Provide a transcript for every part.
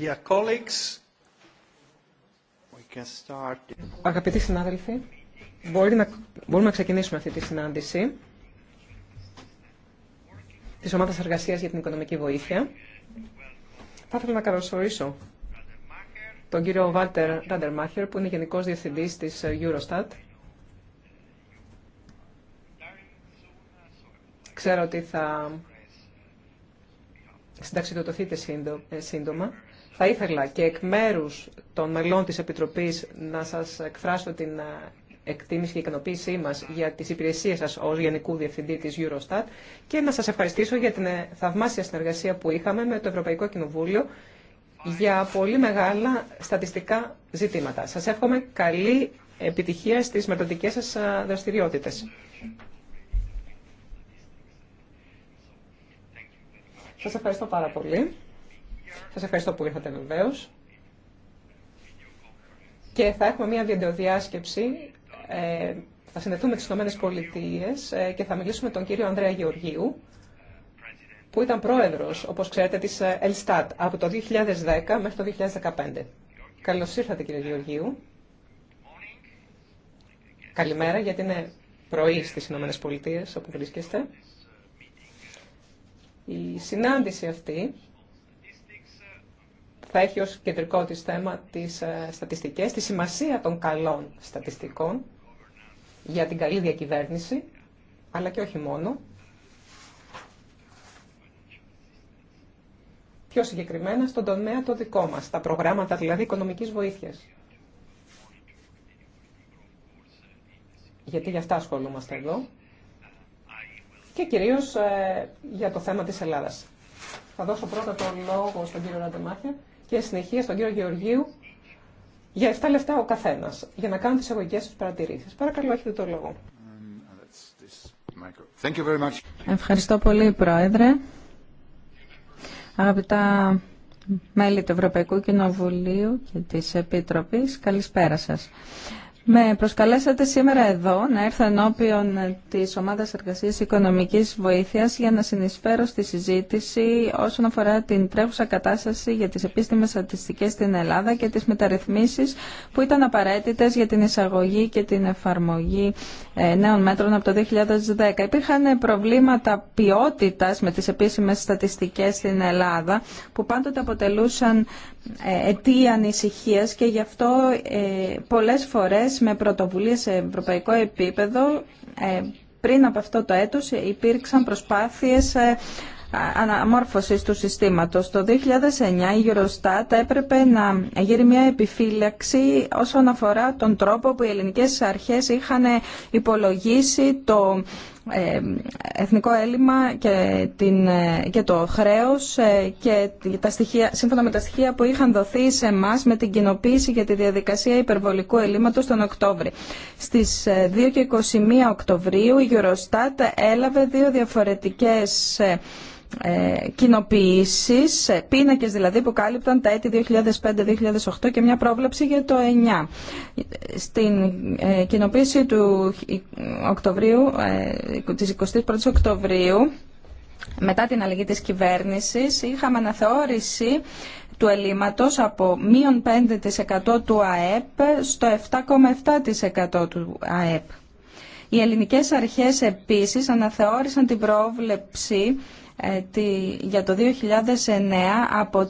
Dear colleagues, we can start... Αγαπητοί συνάδελφοι, μπορούμε να ξεκινήσουμε αυτή τη συνάντηση της Ομάδας Εργασίας για την Οικονομική Βοήθεια. Θα ήθελα να καλωσορίσω τον κύριο Βάλτερ Ράντερμάχερ, που είναι Γενικός Διευθυντής της Eurostat. Ξέρω ότι θα συνταξιδοτηθείτε ε, σύντομα θα ήθελα και εκ μέρου των μελών της Επιτροπής να σας εκφράσω την ε, εκτίμηση και ικανοποίησή μας για τις υπηρεσίες σας ως Γενικού Διευθυντή τη Eurostat και να σας ευχαριστήσω για την ε, θαυμάσια συνεργασία που είχαμε με το Ευρωπαϊκό Κοινοβούλιο για πολύ μεγάλα στατιστικά ζητήματα. Σας εύχομαι καλή επιτυχία στις μελλοντικές σα ε, δραστηριότητε. Σας ευχαριστώ πάρα πολύ. Σας ευχαριστώ που ήρθατε βεβαίω. Και θα έχουμε μια βιντεοδιάσκεψη. Ε, θα συνδεθούμε τις Ηνωμένες Πολιτείες ε, και θα μιλήσουμε τον κύριο Ανδρέα Γεωργίου, που ήταν πρόεδρος, όπως ξέρετε, της ε, Ελστάτ από το 2010 μέχρι το 2015. Καλώς ήρθατε κύριε Γεωργίου. Καλημέρα, γιατί είναι πρωί στις Ηνωμένες Πολιτείες όπου βρίσκεστε. Η συνάντηση αυτή θα έχει ως κεντρικό της θέμα τις ε, στατιστικές, τη σημασία των καλών στατιστικών για την καλή διακυβέρνηση, αλλά και όχι μόνο. Πιο συγκεκριμένα στον τομέα το δικό μας, τα προγράμματα δηλαδή οικονομικής βοήθειας. Γιατί για αυτά ασχολούμαστε εδώ και κυρίως ε, για το θέμα της Ελλάδας. Θα δώσω πρώτα τον λόγο στον κύριο Ραντεμάχια και συνεχεία στον κύριο Γεωργίου για 7 λεφτά ο καθένα για να κάνουν τι εγωγικέ του παρατηρήσει. Παρακαλώ, έχετε το λόγο. Ευχαριστώ πολύ, Πρόεδρε. Αγαπητά μέλη του Ευρωπαϊκού Κοινοβουλίου και της Επίτροπης, καλησπέρα σας. Με προσκαλέσατε σήμερα εδώ να έρθω ενώπιον της Ομάδας Εργασίας Οικονομικής Βοήθειας για να συνεισφέρω στη συζήτηση όσον αφορά την τρέχουσα κατάσταση για τις επίσημες στατιστικές στην Ελλάδα και τις μεταρρυθμίσεις που ήταν απαραίτητες για την εισαγωγή και την εφαρμογή ε, νέων μέτρων από το 2010. Υπήρχαν προβλήματα ποιότητας με τις επίσημες στατιστικές στην Ελλάδα που πάντοτε αποτελούσαν ε, αιτία ανησυχίας και γι' αυτό ε, πολλές φορές με πρωτοβουλίε, σε ευρωπαϊκό επίπεδο. Ε, πριν από αυτό το έτος υπήρξαν προσπάθειες ε, αναμόρφωσης του συστήματος. Το 2009 η Eurostat έπρεπε να γύρει μια επιφύλαξη όσον αφορά τον τρόπο που οι ελληνικές αρχές είχαν υπολογίσει το ε, εθνικό έλλειμμα και, την, ε, και το χρέος ε, και τα στοιχεία, σύμφωνα με τα στοιχεία που είχαν δοθεί σε εμά με την κοινοποίηση για τη διαδικασία υπερβολικού ελλείμματος τον Οκτώβρη. Στις 2 και 21 Οκτωβρίου η Eurostat έλαβε δύο διαφορετικές ε, πίνακε πίνακες δηλαδή που κάλυπταν τα έτη 2005-2008 και μια πρόβλεψη για το 9. Στην ε, κοινοποίηση του Οκτωβρίου, ε, της 21ης Οκτωβρίου, μετά την αλλαγή της κυβέρνησης, είχαμε αναθεώρηση του ελλείμματος από μείον 5% του ΑΕΠ στο 7,7% του ΑΕΠ. Οι ελληνικές αρχές επίσης αναθεώρησαν την πρόβλεψη ε, για το 2009 από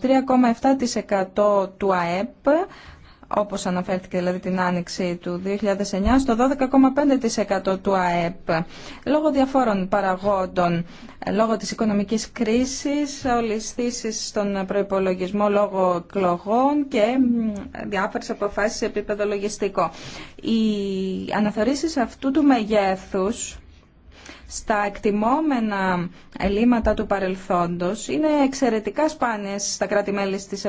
3,7% του ΑΕΠ όπως αναφέρθηκε δηλαδή την άνοιξη του 2009, στο 12,5% του ΑΕΠ. Λόγω διαφόρων παραγόντων, λόγω της οικονομικής κρίσης, ολισθήσεις στον προϋπολογισμό λόγω κλογών και διάφορες αποφάσεις σε επίπεδο λογιστικό. Οι αναθεωρήσεις αυτού του μεγέθους στα εκτιμόμενα ελλείμματα του παρελθόντος είναι εξαιρετικά σπάνιες στα κράτη-μέλη της,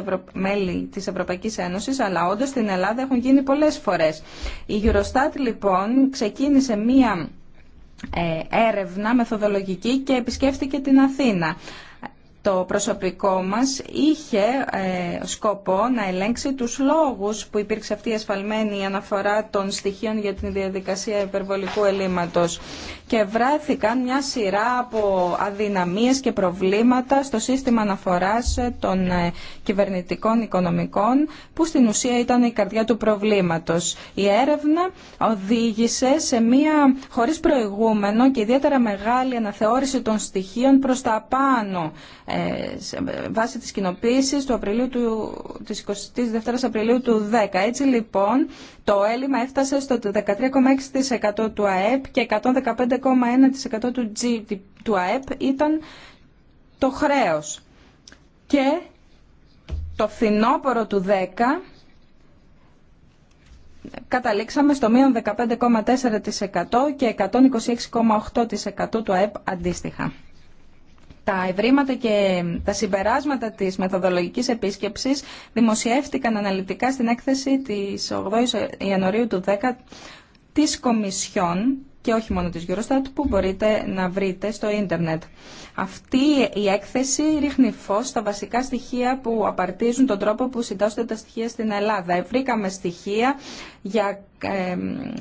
της Ευρωπαϊκής Ένωσης, αλλά όντως στην Ελλάδα έχουν γίνει πολλές φορές. Η Eurostat λοιπόν ξεκίνησε μία ε, έρευνα μεθοδολογική και επισκέφθηκε την Αθήνα. Το προσωπικό μας είχε ε, σκοπό να ελέγξει τους λόγους που υπήρξε αυτή η ασφαλμένη αναφορά των στοιχείων για την διαδικασία υπερβολικού ελλείμματος και βράθηκαν μια σειρά από αδυναμίες και προβλήματα στο σύστημα αναφοράς ε, των ε, κυβερνητικών οικονομικών που στην ουσία ήταν η καρδιά του προβλήματος. Η έρευνα οδήγησε σε μια χωρίς προηγούμενο και ιδιαίτερα μεγάλη αναθεώρηση των στοιχείων προς τα πάνω ε, βάσει της κοινοποίησης του Απριλίου του, της 22 Απριλίου του 10. Έτσι λοιπόν το έλλειμμα έφτασε στο 13,6% του ΑΕΠ και 115,1% του, του ΑΕΠ ήταν το χρέος. Και το φθινόπωρο του 10 καταλήξαμε στο μείον 15,4% και 126,8% του ΑΕΠ αντίστοιχα. Τα ευρήματα και τα συμπεράσματα της μεθοδολογικής επίσκεψης δημοσιεύτηκαν αναλυτικά στην έκθεση της 8 Ιανουαρίου του 10 της Κομισιόν και όχι μόνο της Eurostat που μπορείτε να βρείτε στο ίντερνετ. Αυτή η έκθεση ρίχνει φως στα βασικά στοιχεία που απαρτίζουν τον τρόπο που συντάσσονται τα στοιχεία στην Ελλάδα. Βρήκαμε στοιχεία για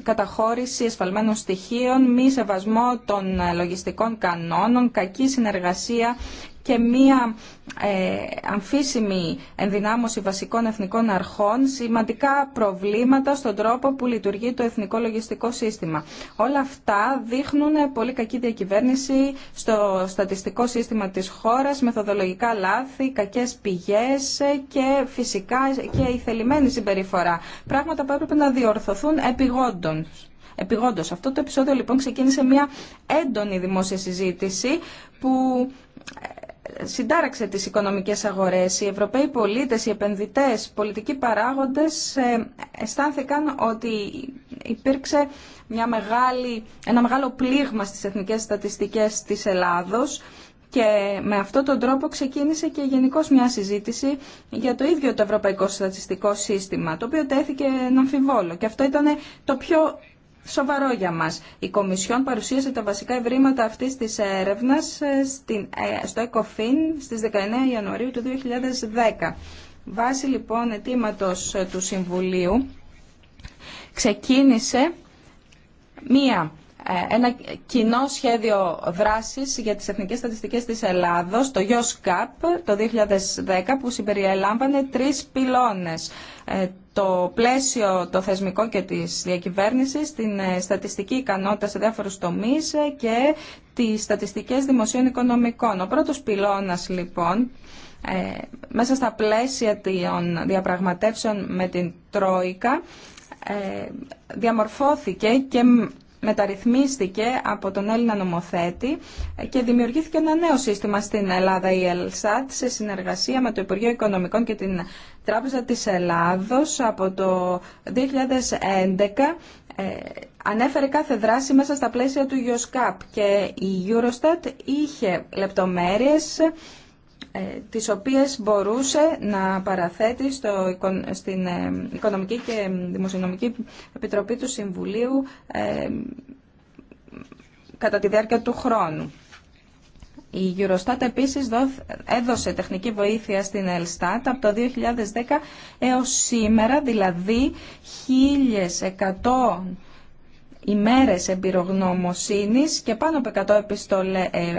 καταχώρηση εσφαλμένων στοιχείων, μη σεβασμό των ε, λογιστικών κανόνων, κακή συνεργασία και μία ε, αμφίσιμη ενδυνάμωση βασικών εθνικών αρχών σημαντικά προβλήματα στον τρόπο που λειτουργεί το εθνικό λογιστικό σύστημα. Όλα αυτά δείχνουν πολύ κακή διακυβέρνηση στο στατιστικό σύστημα της χώρας, μεθοδολογικά λάθη, κακές πηγές και φυσικά και η θελημένη συμπεριφορά. Πράγματα που έπρεπε να διορθωθούν επιγόντων. Επιγόντως. Αυτό το επεισόδιο λοιπόν ξεκίνησε μια έντονη δημόσια συζήτηση που συντάραξε τις οικονομικές αγορές. Οι Ευρωπαίοι πολίτες, οι επενδυτές, οι πολιτικοί παράγοντες ε, αισθάνθηκαν ότι υπήρξε μια μεγάλη, ένα μεγάλο πλήγμα στις εθνικές στατιστικές της Ελλάδος και με αυτόν τον τρόπο ξεκίνησε και γενικώ μια συζήτηση για το ίδιο το Ευρωπαϊκό Στατιστικό Σύστημα, το οποίο τέθηκε να αμφιβόλο. Και αυτό ήταν το πιο σοβαρό για μας. Η Κομισιόν παρουσίασε τα βασικά ευρήματα αυτής της έρευνας ε, ε, στο ΕΚΟΦΗΝ στις 19 Ιανουαρίου του 2010. Βάσει λοιπόν αιτήματος ε, του Συμβουλίου ξεκίνησε μία ένα κοινό σχέδιο δράσης για τις εθνικές στατιστικές της Ελλάδος, το YOSCAP το 2010, που συμπεριέλαμβανε τρεις πυλώνες το πλαίσιο το θεσμικό και της διακυβέρνησης, την ε, στατιστική ικανότητα σε διάφορους τομείς ε, και τις στατιστικές δημοσίων οικονομικών. Ο πρώτος πυλώνας λοιπόν, ε, μέσα στα πλαίσια των διαπραγματεύσεων με την Τρόικα, διαμορφώθηκε και μεταρρυθμίστηκε από τον Έλληνα νομοθέτη και δημιουργήθηκε ένα νέο σύστημα στην Ελλάδα, η ΕΛΣΑΤ, σε συνεργασία με το Υπουργείο Οικονομικών και την Τράπεζα της Ελλάδος από το 2011 ε, ανέφερε κάθε δράση μέσα στα πλαίσια του Γιοσκάπ και η Eurostat είχε λεπτομέρειες ε, τις οποίες μπορούσε να παραθέτει στο, στην ε, Οικονομική και Δημοσιονομική Επιτροπή του Συμβουλίου ε, κατά τη διάρκεια του χρόνου. Η Eurostat επίσης έδωσε τεχνική βοήθεια στην Ελστάτ από το 2010 έως σήμερα, δηλαδή 1.100 ημέρες εμπειρογνωμοσύνης και πάνω από 100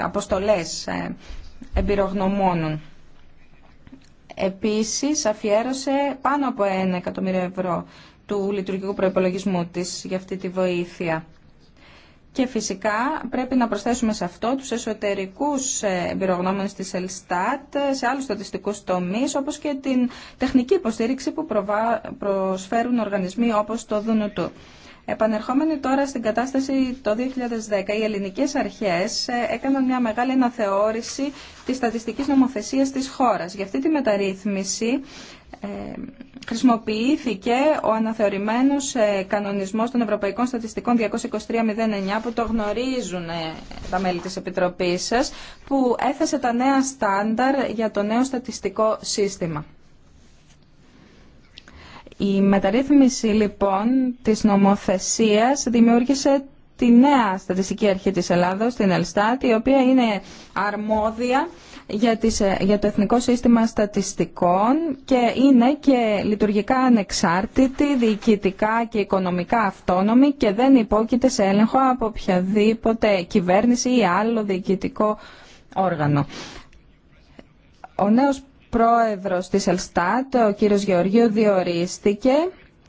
αποστολές εμπειρογνωμόνων. Επίσης, αφιέρωσε πάνω από ένα εκατομμύριο ευρώ του λειτουργικού προϋπολογισμού της για αυτή τη βοήθεια. Και φυσικά πρέπει να προσθέσουμε σε αυτό τους εσωτερικούς ε, εμπειρογνώμονες της Ελστάτ ε, σε άλλους στατιστικούς τομείς όπως και την τεχνική υποστήριξη που προσφέρουν οργανισμοί όπως το ΔΝΤ. Επανερχόμενοι τώρα στην κατάσταση το 2010, οι ελληνικές αρχές ε, έκαναν μια μεγάλη αναθεώρηση της στατιστικής νομοθεσίας της χώρας. Για αυτή τη μεταρρύθμιση ε, χρησιμοποιήθηκε ο αναθεωρημένος ε, κανονισμός των Ευρωπαϊκών Στατιστικών 22309 που το γνωρίζουν τα μέλη της Επιτροπής σας που έθεσε τα νέα στάνταρ για το νέο στατιστικό σύστημα. Η μεταρρύθμιση λοιπόν της νομοθεσίας δημιούργησε τη νέα στατιστική αρχή της Ελλάδος, την Ελστάτη, η οποία είναι αρμόδια για το Εθνικό Σύστημα Στατιστικών και είναι και λειτουργικά ανεξάρτητη, διοικητικά και οικονομικά αυτόνομη και δεν υπόκειται σε έλεγχο από οποιαδήποτε κυβέρνηση ή άλλο διοικητικό όργανο. Ο πρόεδρος της Ελστάτ, ο κύριος Γεωργίου, διορίστηκε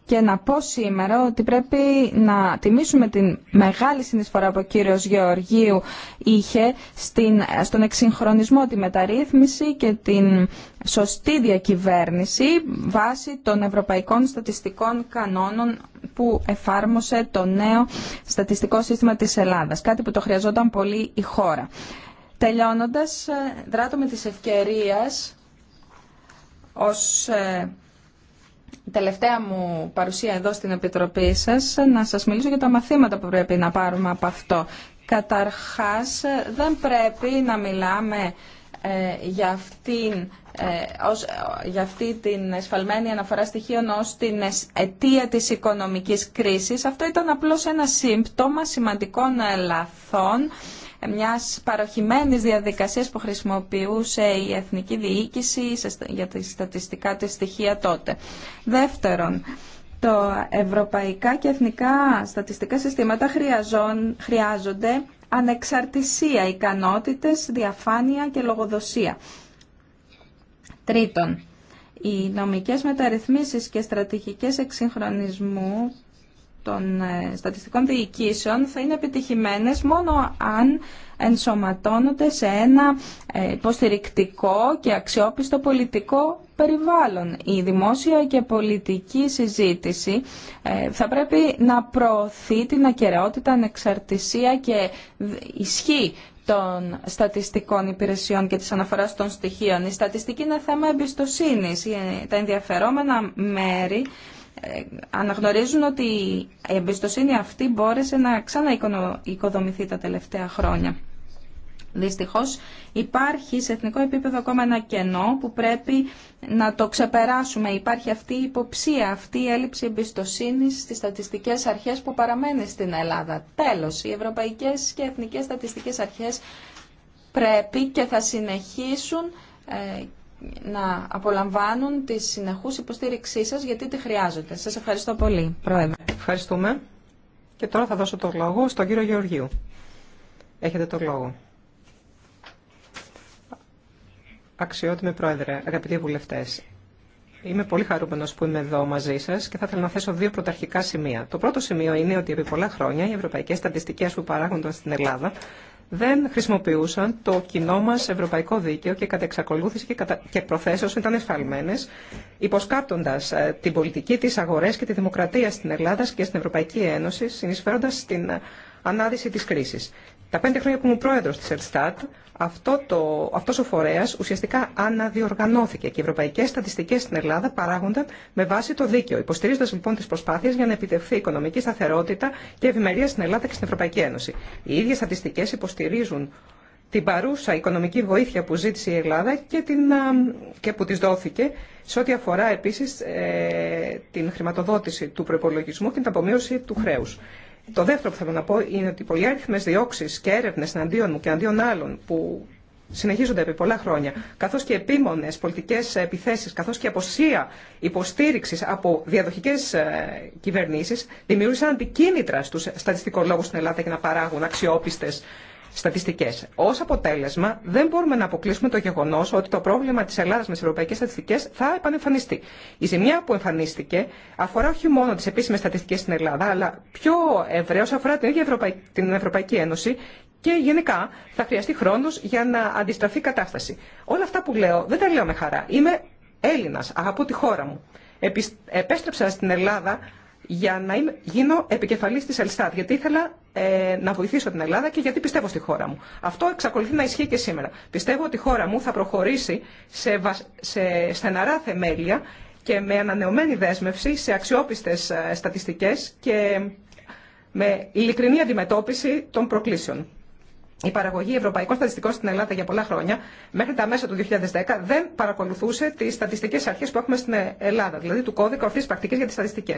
και να πω σήμερα ότι πρέπει να τιμήσουμε την μεγάλη συνεισφορά που ο κύριος Γεωργίου είχε στην, στον εξυγχρονισμό, τη μεταρρύθμιση και την σωστή διακυβέρνηση βάσει των ευρωπαϊκών στατιστικών κανόνων που εφάρμοσε το νέο στατιστικό σύστημα της Ελλάδας, κάτι που το χρειαζόταν πολύ η χώρα. Τελειώνοντας, ε, δράτω με της ως ε, τελευταία μου παρουσία εδώ στην Επιτροπή σας να σας μιλήσω για τα μαθήματα που πρέπει να πάρουμε από αυτό. Καταρχάς δεν πρέπει να μιλάμε ε, για αυτήν ε, ως, για αυτή την εσφαλμένη αναφορά στοιχείων ως την αιτία της οικονομικής κρίσης. Αυτό ήταν απλώς ένα σύμπτωμα σημαντικών λαθών μιας παροχημένης διαδικασίας που χρησιμοποιούσε η Εθνική Διοίκηση για τα στατιστικά της στοιχεία τότε. Δεύτερον, το ευρωπαϊκά και εθνικά στατιστικά συστήματα χρειάζονται ανεξαρτησία, ικανότητες, διαφάνεια και λογοδοσία. Τρίτον, οι νομικές μεταρρυθμίσεις και στρατηγικές εξυγχρονισμού των ε, στατιστικών διοικήσεων θα είναι επιτυχημένες μόνο αν ενσωματώνονται σε ένα ε, υποστηρικτικό και αξιόπιστο πολιτικό περιβάλλον. Η δημόσια και πολιτική συζήτηση ε, θα πρέπει να προωθεί την ακαιρεότητα, ανεξαρτησία και ισχύ των στατιστικών υπηρεσιών και της αναφοράς των στοιχείων. Η στατιστική είναι θέμα εμπιστοσύνης. Τα ενδιαφερόμενα μέρη αναγνωρίζουν ότι η εμπιστοσύνη αυτή μπόρεσε να ξαναοικοδομηθεί τα τελευταία χρόνια. Δυστυχώς υπάρχει σε εθνικό επίπεδο ακόμα ένα κενό που πρέπει να το ξεπεράσουμε. Υπάρχει αυτή η υποψία, αυτή η έλλειψη εμπιστοσύνης στις στατιστικές αρχές που παραμένει στην Ελλάδα. Τέλος, οι ευρωπαϊκές και εθνικές Στατιστικέ αρχέ πρέπει και θα συνεχίσουν ε, να απολαμβάνουν τη συνεχούς υποστήριξή σας γιατί τη χρειάζονται. Σας ευχαριστώ πολύ, Πρόεδρε. Ευχαριστούμε. Και τώρα θα δώσω το λόγο στον κύριο Γεωργίου. Έχετε το λόγο. Αξιότιμη Πρόεδρε, αγαπητοί βουλευτές, Είμαι πολύ χαρούμενο που είμαι εδώ μαζί σα και θα ήθελα να θέσω δύο πρωταρχικά σημεία. Το πρώτο σημείο είναι ότι επί πολλά χρόνια οι ευρωπαϊκέ στατιστικέ που παράγονταν στην Ελλάδα δεν χρησιμοποιούσαν το κοινό μα ευρωπαϊκό δίκαιο και κατά εξακολούθηση και, και προθέσεω ήταν εσφαλμένε, υποσκάπτοντα ε, την πολιτική, τι αγορέ και τη δημοκρατία στην Ελλάδα και στην Ευρωπαϊκή Ένωση, συνεισφέροντα στην ανάδυση της κρίσης. Τα πέντε χρόνια που ήμουν πρόεδρος της ΕΡΤΣΤΑΤ αυτό το, αυτός ο φορέας ουσιαστικά αναδιοργανώθηκε και οι ευρωπαϊκές στατιστικές στην Ελλάδα παράγονταν με βάση το δίκαιο, υποστηρίζοντας λοιπόν τις προσπάθειες για να επιτευχθεί οικονομική σταθερότητα και ευημερία στην Ελλάδα και στην Ευρωπαϊκή Ένωση. Οι ίδιες στατιστικές υποστηρίζουν την παρούσα οικονομική βοήθεια που ζήτησε η Ελλάδα και, την, και που της δόθηκε σε ό,τι αφορά επίσης ε, την χρηματοδότηση του προπολογισμού και την απομείωση του χρέους. Το δεύτερο που θέλω να πω είναι ότι οι πολυάριθμε διώξει και έρευνε εναντίον μου και εναντίον άλλων που συνεχίζονται επί πολλά χρόνια, καθώ και επίμονε πολιτικέ επιθέσει, καθώ και αποσία υποστήριξη από διαδοχικέ ε, κυβερνήσει, δημιούργησαν αντικίνητρα στου στατιστικολόγου στην Ελλάδα για να παράγουν αξιόπιστε στατιστικές. Ως αποτέλεσμα δεν μπορούμε να αποκλείσουμε το γεγονό ότι το πρόβλημα τη Ελλάδα με τι ευρωπαϊκές στατιστικές θα επανεμφανιστεί. Η ζημιά που εμφανίστηκε αφορά όχι μόνο τι επίσημες στατιστικέ στην Ελλάδα, αλλά πιο ευρέως αφορά την ίδια την Ευρωπαϊκή Ένωση και γενικά θα χρειαστεί χρόνο για να αντιστραφεί η κατάσταση. Όλα αυτά που λέω δεν τα λέω με χαρά. Είμαι Έλληνα, αγαπώ τη χώρα μου. Επέστρεψα στην Ελλάδα για να γίνω επικεφαλής της Ελστάτ, γιατί ήθελα ε, να βοηθήσω την Ελλάδα και γιατί πιστεύω στη χώρα μου. Αυτό εξακολουθεί να ισχύει και σήμερα. Πιστεύω ότι η χώρα μου θα προχωρήσει σε, σε στεναρά θεμέλια και με ανανεωμένη δέσμευση σε αξιόπιστες ε, στατιστικέ και με ειλικρινή αντιμετώπιση των προκλήσεων. Η παραγωγή ευρωπαϊκών στατιστικών στην Ελλάδα για πολλά χρόνια, μέχρι τα μέσα του 2010, δεν παρακολουθούσε τι στατιστικέ αρχέ που έχουμε στην ε- Ελλάδα, δηλαδή του κώδικα ορθή πρακτική για τι στατιστικέ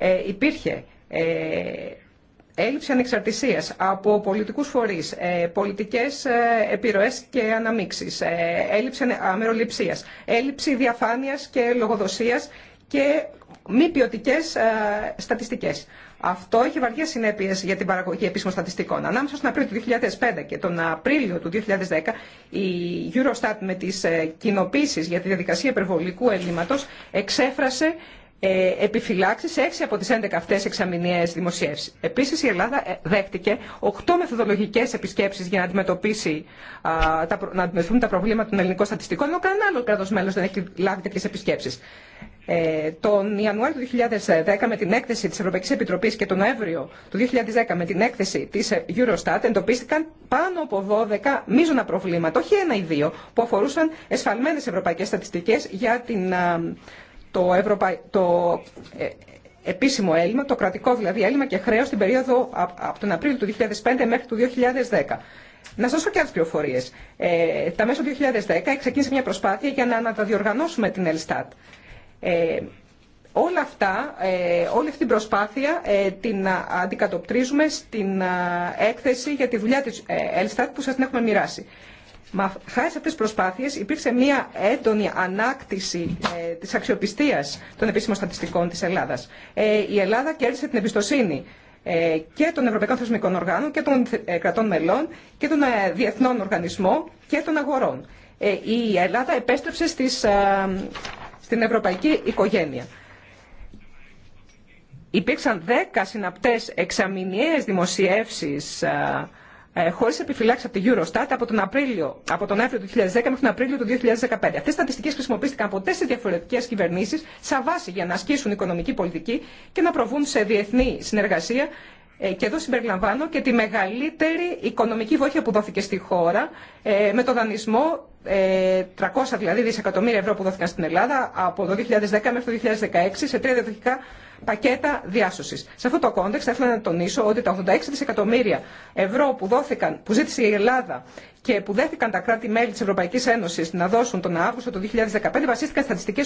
ε, υπήρχε ε, έλλειψη ανεξαρτησίας από πολιτικούς φορείς, ε, πολιτικές ε, επιρροές και αναμίξεις, ε, έλλειψη αμεροληψίας, έλλειψη διαφάνειας και λογοδοσίας και μη ποιοτικέ στατιστικές. Αυτό έχει βαριέ συνέπειε για την παραγωγή επίσημων στατιστικών. Ανάμεσα στον Απρίλιο του 2005 και τον Απρίλιο του 2010, η Eurostat με τι κοινοποίησεις για τη διαδικασία υπερβολικού έλλειμματος εξέφρασε ε, επιφυλάξει σε 6 από τι 11 αυτέ εξαμηνιαίες δημοσίευση. Επίση, η Ελλάδα ε, δέχτηκε 8 μεθοδολογικέ επισκέψει για να αντιμετωπίσει τα, να αντιμετωπίσουν τα προβλήματα των ελληνικών στατιστικών, ενώ κανένα άλλο κράτο μέλο δεν έχει λάβει τέτοιε επισκέψει. Ε, τον Ιανουάριο του 2010 με την έκθεση τη Ευρωπαϊκή Επιτροπή και τον Νοέμβριο του 2010 με την έκθεση τη Eurostat εντοπίστηκαν πάνω από 12 μείζωνα προβλήματα, όχι ένα ή δύο, που αφορούσαν εσφαλμένε ευρωπαϊκέ στατιστικέ για την το, ε, επίσημο έλλειμμα, το κρατικό δηλαδή έλλειμμα και χρέος στην περίοδο από τον Απρίλιο του 2005 μέχρι το 2010. Να σας δώσω και άλλε πληροφορίε. Ε, τα μέσα του 2010 ξεκίνησε μια προσπάθεια για να αναδιοργανώσουμε την Ελστάτ. Ε, όλα αυτά, ε, όλη αυτή την προσπάθεια ε, την αντικατοπτρίζουμε στην έκθεση για τη δουλειά της ε, Ελστάτ που σας την έχουμε μοιράσει. Χάρη σε αυτές τις προσπάθειες υπήρξε μια έντονη ανάκτηση ε, της αξιοπιστίας των επίσημων στατιστικών της Ελλάδας. Ε, η Ελλάδα κέρδισε την εμπιστοσύνη ε, και των Ευρωπαϊκών Θεσμικών Οργάνων και των ε, κρατών μελών και των ε, διεθνών οργανισμών και των αγορών. Η Ελλάδα επέστρεψε στις, στην ευρωπαϊκή οικογένεια. Υπήρξαν δέκα συναπτές εξαμηνιαίες δημοσιεύσεις ε, χωρί επιφυλάξει από τη Eurostat από τον, Απρίλιο, από τον Αύριο του 2010 μέχρι τον Απρίλιο του 2015. Αυτέ οι στατιστικέ χρησιμοποιήθηκαν από τέσσερι διαφορετικέ κυβερνήσει σαν βάση για να ασκήσουν οικονομική πολιτική και να προβούν σε διεθνή συνεργασία. Ε, και εδώ συμπεριλαμβάνω και τη μεγαλύτερη οικονομική βοήθεια που δόθηκε στη χώρα ε, με το δανεισμό 300 δηλαδή δισεκατομμύρια ευρώ που δόθηκαν στην Ελλάδα από το 2010 μέχρι το 2016 σε τρία διαδοχικά πακέτα διάσωση. Σε αυτό το κόντεξ θα ήθελα να τονίσω ότι τα 86 δισεκατομμύρια ευρώ που, δόθηκαν, που ζήτησε η Ελλάδα και που δέθηκαν τα κράτη-μέλη τη Ευρωπαϊκή Ένωση να δώσουν τον Αύγουστο του 2015 βασίστηκαν στατιστικέ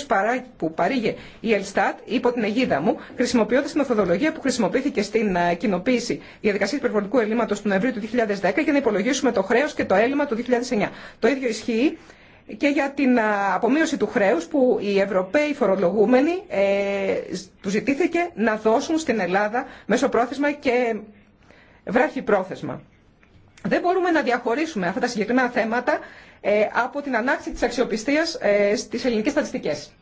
που παρήγε η Ελστάτ υπό την αιγίδα μου, χρησιμοποιώντα την μεθοδολογία που χρησιμοποιήθηκε στην ε, κοινοποίηση διαδικασία υπερβολικού ελλείμματο του Νοεμβρίου του 2010 για να υπολογίσουμε το χρέο και το έλλειμμα του 2009. Το ίδιο ισχύει και για την απομείωση του χρέους που οι Ευρωπαίοι φορολογούμενοι ε, του ζητήθηκε να δώσουν στην Ελλάδα μεσοπρόθεσμα και βράχυπρόθεσμα. Δεν μπορούμε να διαχωρίσουμε αυτά τα συγκεκριμένα θέματα ε, από την ανάκτηση της αξιοπιστίας ε, στις ελληνικές στατιστικές.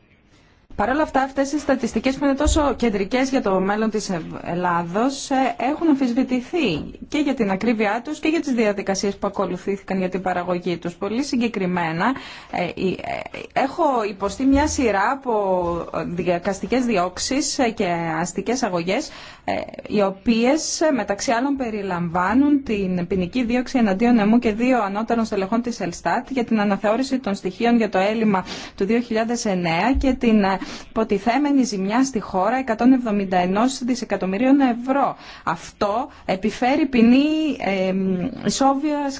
Παρ' όλα αυτά, αυτέ οι στατιστικέ που είναι τόσο κεντρικέ για το μέλλον τη Ελλάδο ε, έχουν αμφισβητηθεί και για την ακρίβειά του και για τι διαδικασίε που ακολουθήθηκαν για την παραγωγή του. Πολύ συγκεκριμένα, ε, ε, έχω υποστεί μια σειρά από διακαστικές διώξει και αστικές αγωγές, οι οποίε μεταξύ άλλων περιλαμβάνουν την ποινική δίωξη εναντίον εμού και δύο ανώτερων στελεχών τη Ελστάτ για την αναθεώρηση των στοιχείων για το έλλειμμα του 2009 και την υποτιθέμενη ζημιά στη χώρα 171 δισεκατομμυρίων ευρώ. Αυτό επιφέρει ποινή ε,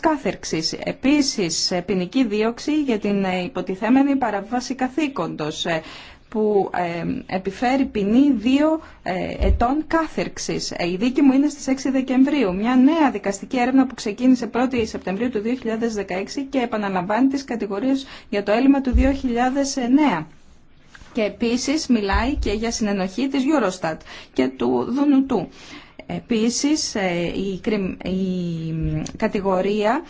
κάθερξη. Επίσης, ποινική δίωξη για την ε, υποτιθέμενη παραβάση καθήκοντο ε, που επιφέρει ποινή δύο ε, ετών κάθερξης. Η δίκη μου είναι στις 6 Δεκεμβρίου. Μια νέα δικαστική έρευνα που ξεκίνησε 1η Σεπτεμβρίου του 2016 και επαναλαμβάνει τις κατηγορίες για το έλλειμμα του 2009 και επίσης μιλάει και για συνενοχή της Eurostat και του Δουνουτού. Επίσης, ε, η κατηγορία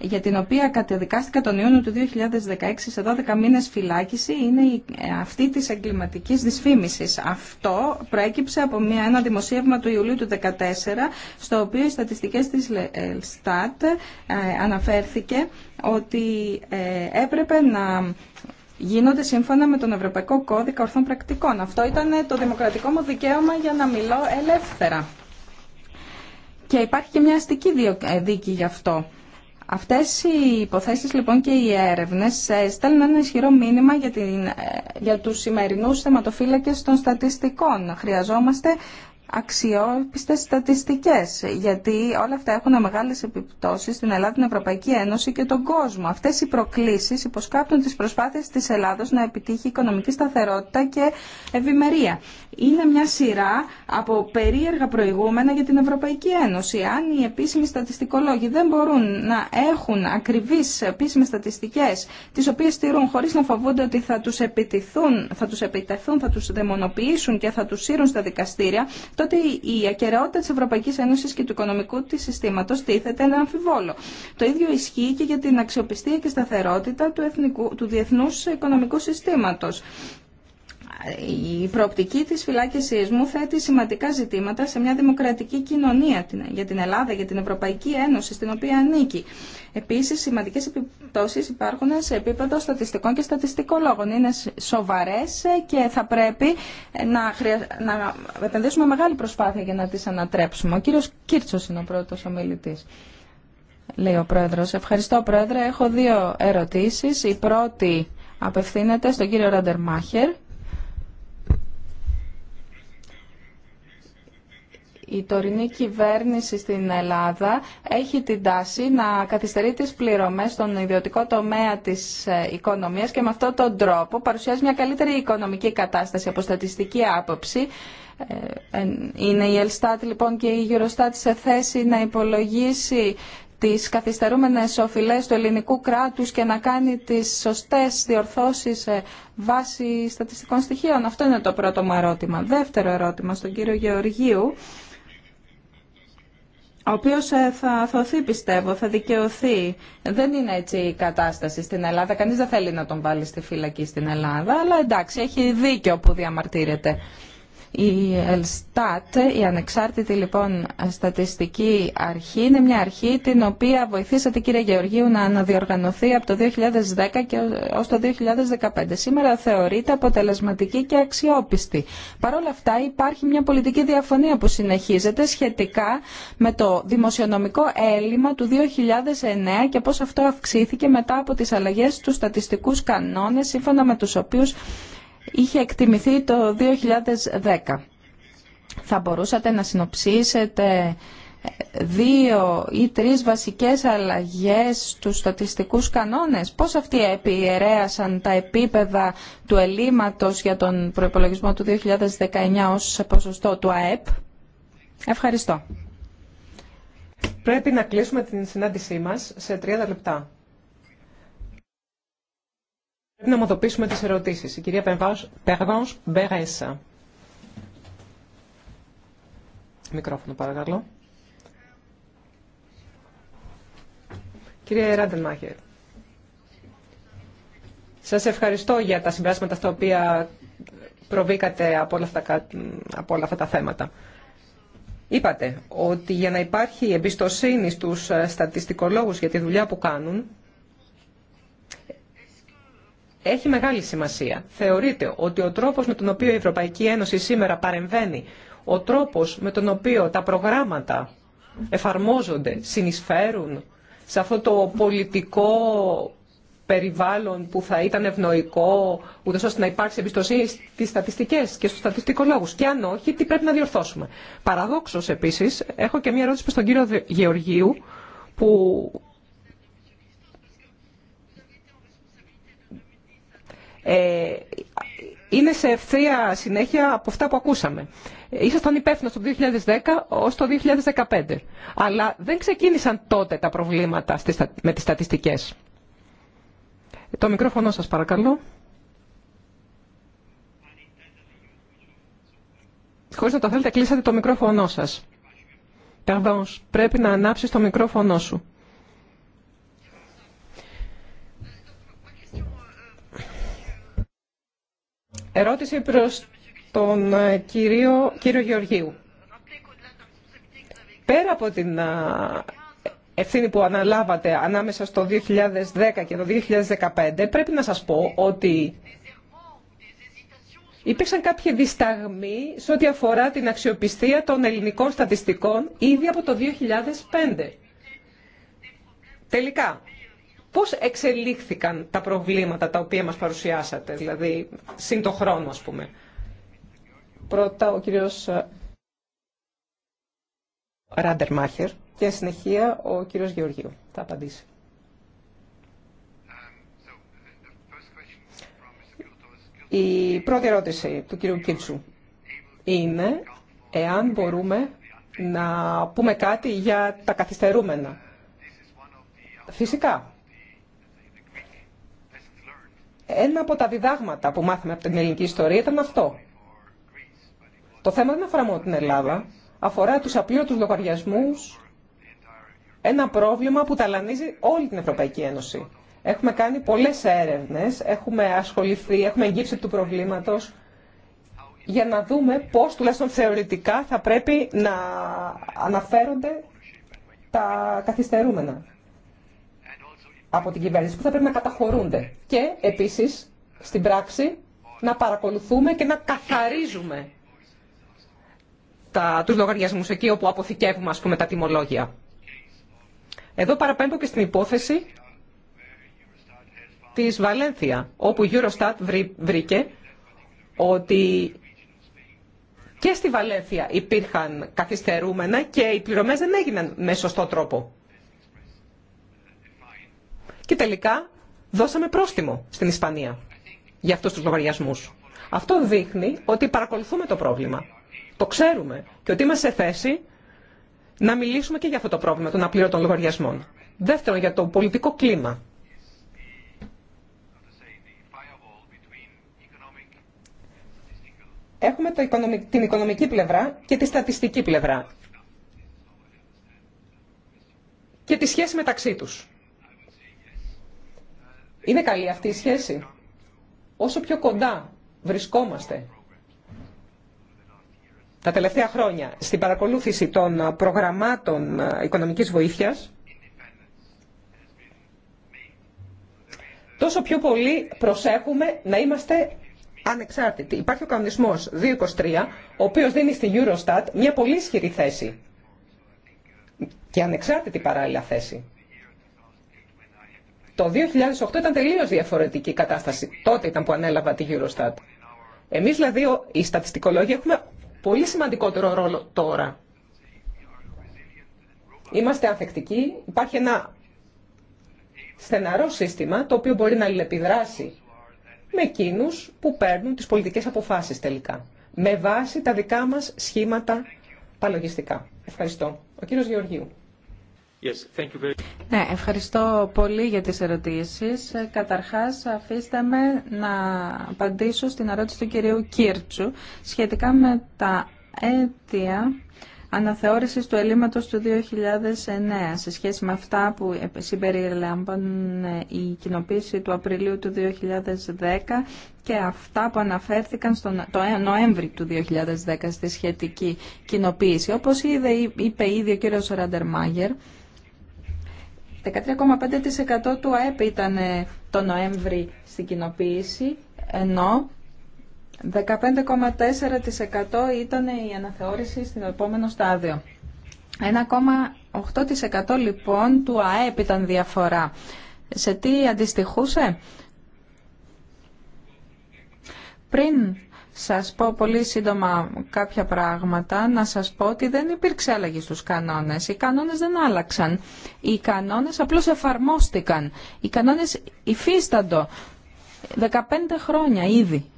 για την οποία κατεδικάστηκα τον Ιούνιο του 2016 σε 12 μήνες φυλάκιση είναι ε, αυτή της εγκληματικής δυσφήμισης. Αυτό προέκυψε από μια, ένα δημοσίευμα του Ιουλίου του 2014 στο οποίο οι στατιστικές της ΕΛΣΤΑΤ ε, αναφέρθηκε ότι έπρεπε να γίνονται σύμφωνα με τον Ευρωπαϊκό Κώδικα Ορθών Πρακτικών. Αυτό ήταν το δημοκρατικό μου δικαίωμα για να μιλώ ελεύθερα. Και υπάρχει και μια αστική ε, δίκη γι' αυτό. Αυτές οι υποθέσεις λοιπόν και οι έρευνες ε, στέλνουν ένα ισχυρό μήνυμα για, την, ε, για τους σημερινούς θεματοφύλακες των στατιστικών. Χρειαζόμαστε αξιόπιστες στατιστικές, γιατί όλα αυτά έχουν μεγάλες επιπτώσεις στην Ελλάδα, την Ευρωπαϊκή Ένωση και τον κόσμο. Αυτές οι προκλήσεις υποσκάπτουν τις προσπάθειες της Ελλάδος να επιτύχει οικονομική σταθερότητα και ευημερία. Είναι μια σειρά από περίεργα προηγούμενα για την Ευρωπαϊκή Ένωση. Αν οι επίσημοι στατιστικολόγοι δεν μπορούν να έχουν ακριβείς επίσημες στατιστικές, τις οποίες στηρούν χωρίς να φοβούνται ότι θα τους επιτεθούν, θα τους, επιτεθούν, θα τους δαιμονοποιήσουν και θα τους σύρουν στα δικαστήρια, τότε η ακεραιότητα τη Ευρωπαϊκή Ένωση και του οικονομικού τη συστήματος τίθεται ένα αμφιβόλο. Το ίδιο ισχύει και για την αξιοπιστία και σταθερότητα του, εθνικού, του διεθνούς οικονομικού συστήματος η προοπτική της φυλάκησής μου θέτει σημαντικά ζητήματα σε μια δημοκρατική κοινωνία για την Ελλάδα, για την Ευρωπαϊκή Ένωση στην οποία ανήκει. Επίσης, σημαντικές επιπτώσεις υπάρχουν σε επίπεδο στατιστικών και στατιστικολόγων. Είναι σοβαρές και θα πρέπει να, να επενδύσουμε μεγάλη προσπάθεια για να τις ανατρέψουμε. Ο κύριος Κίρτσος είναι ο πρώτος ομιλητής. Λέει ο Πρόεδρος. Ευχαριστώ Πρόεδρε. Έχω δύο ερωτήσεις. Η πρώτη απευθύνεται στον κύριο Ραντερμάχερ η τωρινή κυβέρνηση στην Ελλάδα έχει την τάση να καθυστερεί τις πληρωμές στον ιδιωτικό τομέα της ε, οικονομίας και με αυτόν τον τρόπο παρουσιάζει μια καλύτερη οικονομική κατάσταση από στατιστική άποψη. Ε, είναι η Ελστάτ λοιπόν και η Eurostat σε θέση να υπολογίσει τις καθυστερούμενες οφειλές του ελληνικού κράτους και να κάνει τις σωστές διορθώσεις ε, βάσει στατιστικών στοιχείων. Αυτό είναι το πρώτο μου ερώτημα. Δεύτερο ερώτημα στον κύριο Γεωργίου ο οποίος ε, θα αθωθεί πιστεύω, θα δικαιωθεί. Δεν είναι έτσι η κατάσταση στην Ελλάδα. Κανείς δεν θέλει να τον βάλει στη φυλακή στην Ελλάδα, αλλά εντάξει, έχει δίκιο που διαμαρτύρεται. Η Ελστάτ, η ανεξάρτητη λοιπόν στατιστική αρχή, είναι μια αρχή την οποία βοηθήσατε κύριε Γεωργίου να αναδιοργανωθεί από το 2010 και ως το 2015. Σήμερα θεωρείται αποτελεσματική και αξιόπιστη. Παρ' όλα αυτά υπάρχει μια πολιτική διαφωνία που συνεχίζεται σχετικά με το δημοσιονομικό έλλειμμα του 2009 και πώς αυτό αυξήθηκε μετά από τις αλλαγές στους στατιστικούς κανόνες σύμφωνα με τους οποίους είχε εκτιμηθεί το 2010. Θα μπορούσατε να συνοψίσετε δύο ή τρεις βασικές αλλαγές στους στατιστικούς κανόνες. Πώς αυτοί επιερέασαν τα επίπεδα του ελλείμματος για τον προϋπολογισμό του 2019 ως ποσοστό του ΑΕΠ. Ευχαριστώ. Πρέπει να κλείσουμε την συνάντησή μας σε 30 λεπτά. Πρέπει να ομοδοποιήσουμε τις ερωτήσεις. Η κυρία Περβάνς Μπερέσα. Μικρόφωνο παρακαλώ. Κύριε Ράντεμάχερ, σας ευχαριστώ για τα συμπράσματα στα οποία προβήκατε από όλα, αυτά, από όλα αυτά τα θέματα. Είπατε ότι για να υπάρχει εμπιστοσύνη στους ε, στατιστικολόγους για τη δουλειά που κάνουν, έχει μεγάλη σημασία. Θεωρείται ότι ο τρόπος με τον οποίο η Ευρωπαϊκή Ένωση σήμερα παρεμβαίνει, ο τρόπος με τον οποίο τα προγράμματα εφαρμόζονται, συνεισφέρουν σε αυτό το πολιτικό περιβάλλον που θα ήταν ευνοϊκό, ούτως ώστε να υπάρξει εμπιστοσύνη στις στατιστικές και στους στατιστικολόγους. Και αν όχι, τι πρέπει να διορθώσουμε. Παραδόξως, επίσης, έχω και μία ερώτηση προς τον κύριο Γεωργίου, που Ε, είναι σε ευθεία συνέχεια από αυτά που ακούσαμε. Ήσασταν υπεύθυνο το 2010 ως το 2015. Αλλά δεν ξεκίνησαν τότε τα προβλήματα με τις στατιστικές. Το μικρόφωνο σας παρακαλώ. Χωρίς να το θέλετε κλείσατε το μικρόφωνο σας. Καρδόνς, πρέπει να ανάψεις το μικρόφωνο σου. Ερώτηση προς τον ε, κύριο, κύριο Γεωργίου. Πέρα από την ε, ευθύνη που αναλάβατε ανάμεσα στο 2010 και το 2015, πρέπει να σας πω ότι υπήρξαν κάποιοι δισταγμοί σε ό,τι αφορά την αξιοπιστία των ελληνικών στατιστικών ήδη από το 2005. Τελικά, Πώς εξελίχθηκαν τα προβλήματα τα οποία μας παρουσιάσατε, δηλαδή σύν το χρόνο πούμε. Πρώτα ο κύριος ε, Ράντερ Μάχερ και συνεχεία ο κύριος Γεωργίου θα απαντήσει. Η πρώτη ερώτηση του κύριου Κίτσου είναι εάν μπορούμε να πούμε κάτι για τα καθυστερούμενα. Φυσικά, ένα από τα διδάγματα που μάθαμε από την ελληνική ιστορία ήταν αυτό. Το θέμα δεν αφορά μόνο την Ελλάδα, αφορά τους απλήρωτους λογαριασμούς, ένα πρόβλημα που ταλανίζει όλη την Ευρωπαϊκή Ένωση. Έχουμε κάνει πολλές έρευνες, έχουμε ασχοληθεί, έχουμε εγγύψει του προβλήματος για να δούμε πώς τουλάχιστον θεωρητικά θα πρέπει να αναφέρονται τα καθυστερούμενα από την κυβέρνηση που θα πρέπει να καταχωρούνται και επίσης στην πράξη να παρακολουθούμε και να καθαρίζουμε τα, τους λογαριασμούς εκεί όπου αποθηκεύουμε ας πούμε τα τιμολόγια. Εδώ παραπέμπω και στην υπόθεση της Βαλένθια, όπου η Eurostat βρήκε ότι και στη Βαλένθια υπήρχαν καθυστερούμενα και οι πληρωμές δεν έγιναν με σωστό τρόπο και τελικά δώσαμε πρόστιμο στην Ισπανία για αυτούς τους λογαριασμούς. Αυτό δείχνει ότι παρακολουθούμε το πρόβλημα. Το ξέρουμε και ότι είμαστε σε θέση να μιλήσουμε και για αυτό το πρόβλημα των απλήρωτων λογαριασμών. Δεύτερον, για το πολιτικό κλίμα. Έχουμε το την οικονομική πλευρά και τη στατιστική πλευρά και τη σχέση μεταξύ τους. Είναι καλή αυτή η σχέση. Όσο πιο κοντά βρισκόμαστε τα τελευταία χρόνια στην παρακολούθηση των προγραμμάτων ε, οικονομικής βοήθειας, τόσο πιο πολύ προσέχουμε να είμαστε ανεξάρτητοι. Υπάρχει ο κανονισμός 223, ο οποίος δίνει στην Eurostat μια πολύ ισχυρή θέση και ανεξάρτητη παράλληλα θέση. Το 2008 ήταν τελείως διαφορετική κατάσταση. Τότε ήταν που ανέλαβα τη Eurostat. Εμείς δηλαδή, οι στατιστικολόγοι, έχουμε πολύ σημαντικότερο ρόλο τώρα. Είμαστε ανθεκτικοί, υπάρχει ένα στεναρό σύστημα το οποίο μπορεί να αλληλεπιδράσει με εκείνου που παίρνουν τις πολιτικές αποφάσεις τελικά, με βάση τα δικά μα σχήματα παλογιστικά. Ευχαριστώ. Ο κύριος Γεωργίου. Ναι, ευχαριστώ πολύ για τις ερωτήσεις. Ε, καταρχάς, αφήστε με να απαντήσω στην ερώτηση του κυρίου Κίρτσου σχετικά με τα αίτια αναθεώρησης του ελλείμματος του 2009 σε σχέση με αυτά που συμπεριλάμβαν η κοινοποίηση του Απριλίου του 2010 και αυτά που αναφέρθηκαν στον, το ε, Νοέμβρη του 2010 στη σχετική κοινοποίηση. Όπως είδε, είπε ήδη ο κύριος Ραντερμάγερ, 13,5% του ΑΕΠ ήταν ε, το Νοέμβρη στην κοινοποίηση, ενώ 15,4% ήταν η αναθεώρηση στην επόμενο στάδιο. 1,8% λοιπόν του ΑΕΠ ήταν διαφορά. Σε τι αντιστοιχούσε? Πριν σας πω πολύ σύντομα κάποια πράγματα, να σας πω ότι δεν υπήρξε άλλαγη στους κανόνες. Οι κανόνες δεν άλλαξαν. Οι κανόνες απλώς εφαρμόστηκαν. Οι κανόνες υφίσταντο 15 χρόνια ήδη.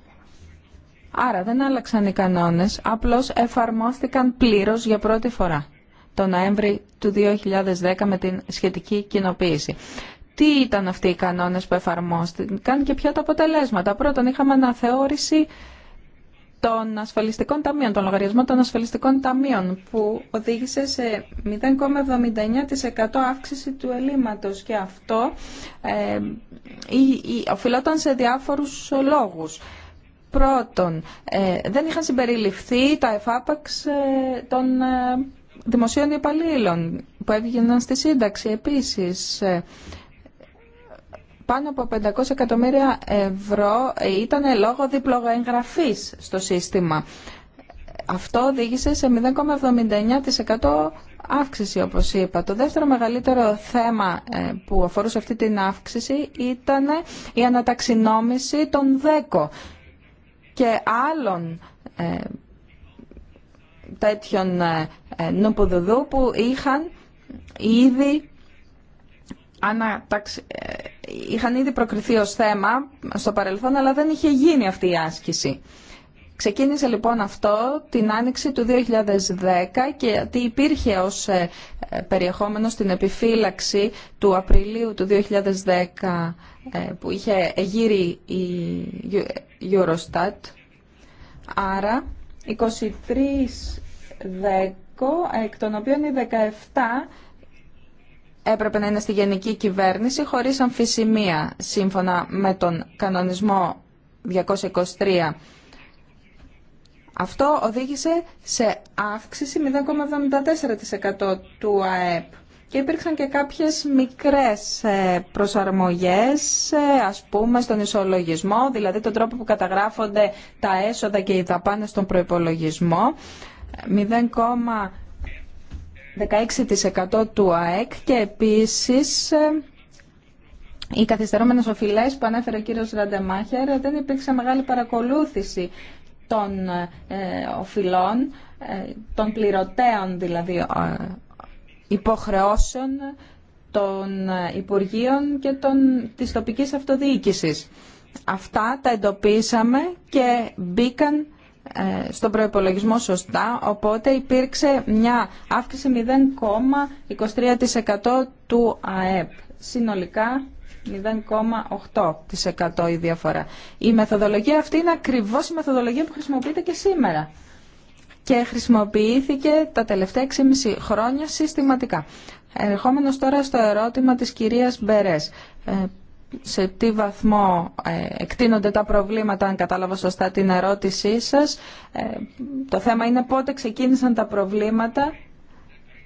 Άρα δεν άλλαξαν οι κανόνες, απλώς εφαρμόστηκαν πλήρως για πρώτη φορά το Νοέμβρη του 2010 με την σχετική κοινοποίηση. Τι ήταν αυτοί οι κανόνες που εφαρμόστηκαν και ποια τα αποτελέσματα. Πρώτον, είχαμε αναθεώρηση των ασφαλιστικών ταμείων, τον λογαριασμό των ασφαλιστικών ταμείων που οδήγησε σε 0,79% αύξηση του ελλείμματος και αυτό ε, οφειλόταν σε διάφορους λόγους. Πρώτον, ε, δεν είχαν συμπεριληφθεί τα εφάπαξ ε, των ε, δημοσίων υπαλλήλων που έβγαιναν στη σύνταξη επίσης πάνω από 500 εκατομμύρια ευρώ ήταν λόγω διπλογοεγγραφής στο σύστημα. Αυτό οδήγησε σε 0,79% αύξηση, όπως είπα. Το δεύτερο μεγαλύτερο θέμα ε, που αφορούσε αυτή την αύξηση ήταν η αναταξινόμηση των ΔΕΚΟ και άλλων ε, τέτοιων ε, νοποδοδού που είχαν ήδη αναταξινόμηση είχαν ήδη προκριθεί ως θέμα στο παρελθόν, αλλά δεν είχε γίνει αυτή η άσκηση. Ξεκίνησε λοιπόν αυτό την άνοιξη του 2010 και τι υπήρχε ως ε, ε, περιεχόμενο στην επιφύλαξη του Απριλίου του 2010 ε, που είχε γύρει η Eurostat. Άρα 23 δέκο, εκ των οποίων οι 17 έπρεπε να είναι στη γενική κυβέρνηση χωρίς αμφισημία σύμφωνα με τον κανονισμό 223. Αυτό οδήγησε σε αύξηση 0,74% του ΑΕΠ. Και υπήρξαν και κάποιες μικρές ε, προσαρμογές, ε, ας πούμε, στον ισολογισμό, δηλαδή τον τρόπο που καταγράφονται τα έσοδα και οι δαπάνες στον προϋπολογισμό. 16% του ΑΕΚ και επίσης ε, οι καθυστερόμενες οφειλές που ανέφερε ο κύριος Ραντεμάχερ ε, δεν υπήρξε μεγάλη παρακολούθηση των ε, οφειλών, των πληρωτέων δηλαδή υποχρεώσεων των Υπουργείων και των, της τοπικής αυτοδιοίκησης. Αυτά τα εντοπίσαμε και μπήκαν ε, στον προπολογισμό σωστά, οπότε υπήρξε μια αύξηση 0,23% του ΑΕΠ. Συνολικά 0,8% η διαφορά. Η μεθοδολογία αυτή είναι ακριβώς η μεθοδολογία που χρησιμοποιείται και σήμερα και χρησιμοποιήθηκε τα τελευταία 6,5 χρόνια συστηματικά. Ερχόμενος τώρα στο ερώτημα της κυρίας Μπερές. Ε, σε τι βαθμό ε, εκτείνονται τα προβλήματα, αν κατάλαβα σωστά την ερώτησή σας. Ε, το θέμα είναι πότε ξεκίνησαν τα προβλήματα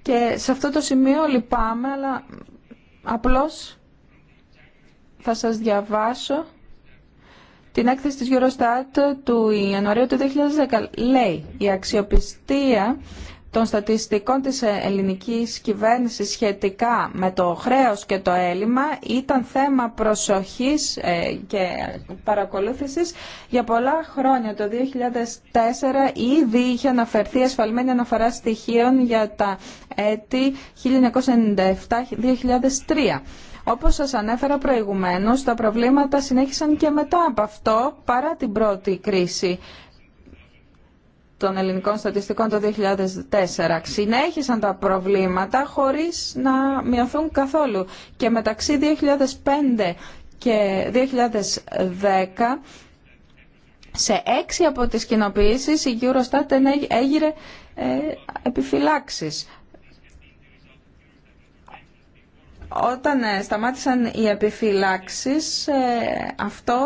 και σε αυτό το σημείο λυπάμαι, αλλά απλώς θα σας διαβάσω την έκθεση της Eurostat του Ιανουαρίου του 2010. Λέει, η αξιοπιστία των στατιστικών της ελληνικής κυβέρνησης σχετικά με το χρέος και το έλλειμμα ήταν θέμα προσοχής ε, και παρακολούθησης για πολλά χρόνια. Το 2004 ήδη είχε αναφερθεί ασφαλμένη αναφορά στοιχείων για τα έτη 1997-2003. Όπως σας ανέφερα προηγουμένως, τα προβλήματα συνέχισαν και μετά από αυτό, παρά την πρώτη κρίση των ελληνικών στατιστικών το 2004. Συνέχισαν τα προβλήματα χωρίς να μειωθούν καθόλου. Και μεταξύ 2005 και 2010 σε έξι από τις κοινοποιήσεις η Eurostat έγιρε ε, επιφυλάξεις. Όταν ε, σταμάτησαν οι επιφυλάξεις, ε, αυτό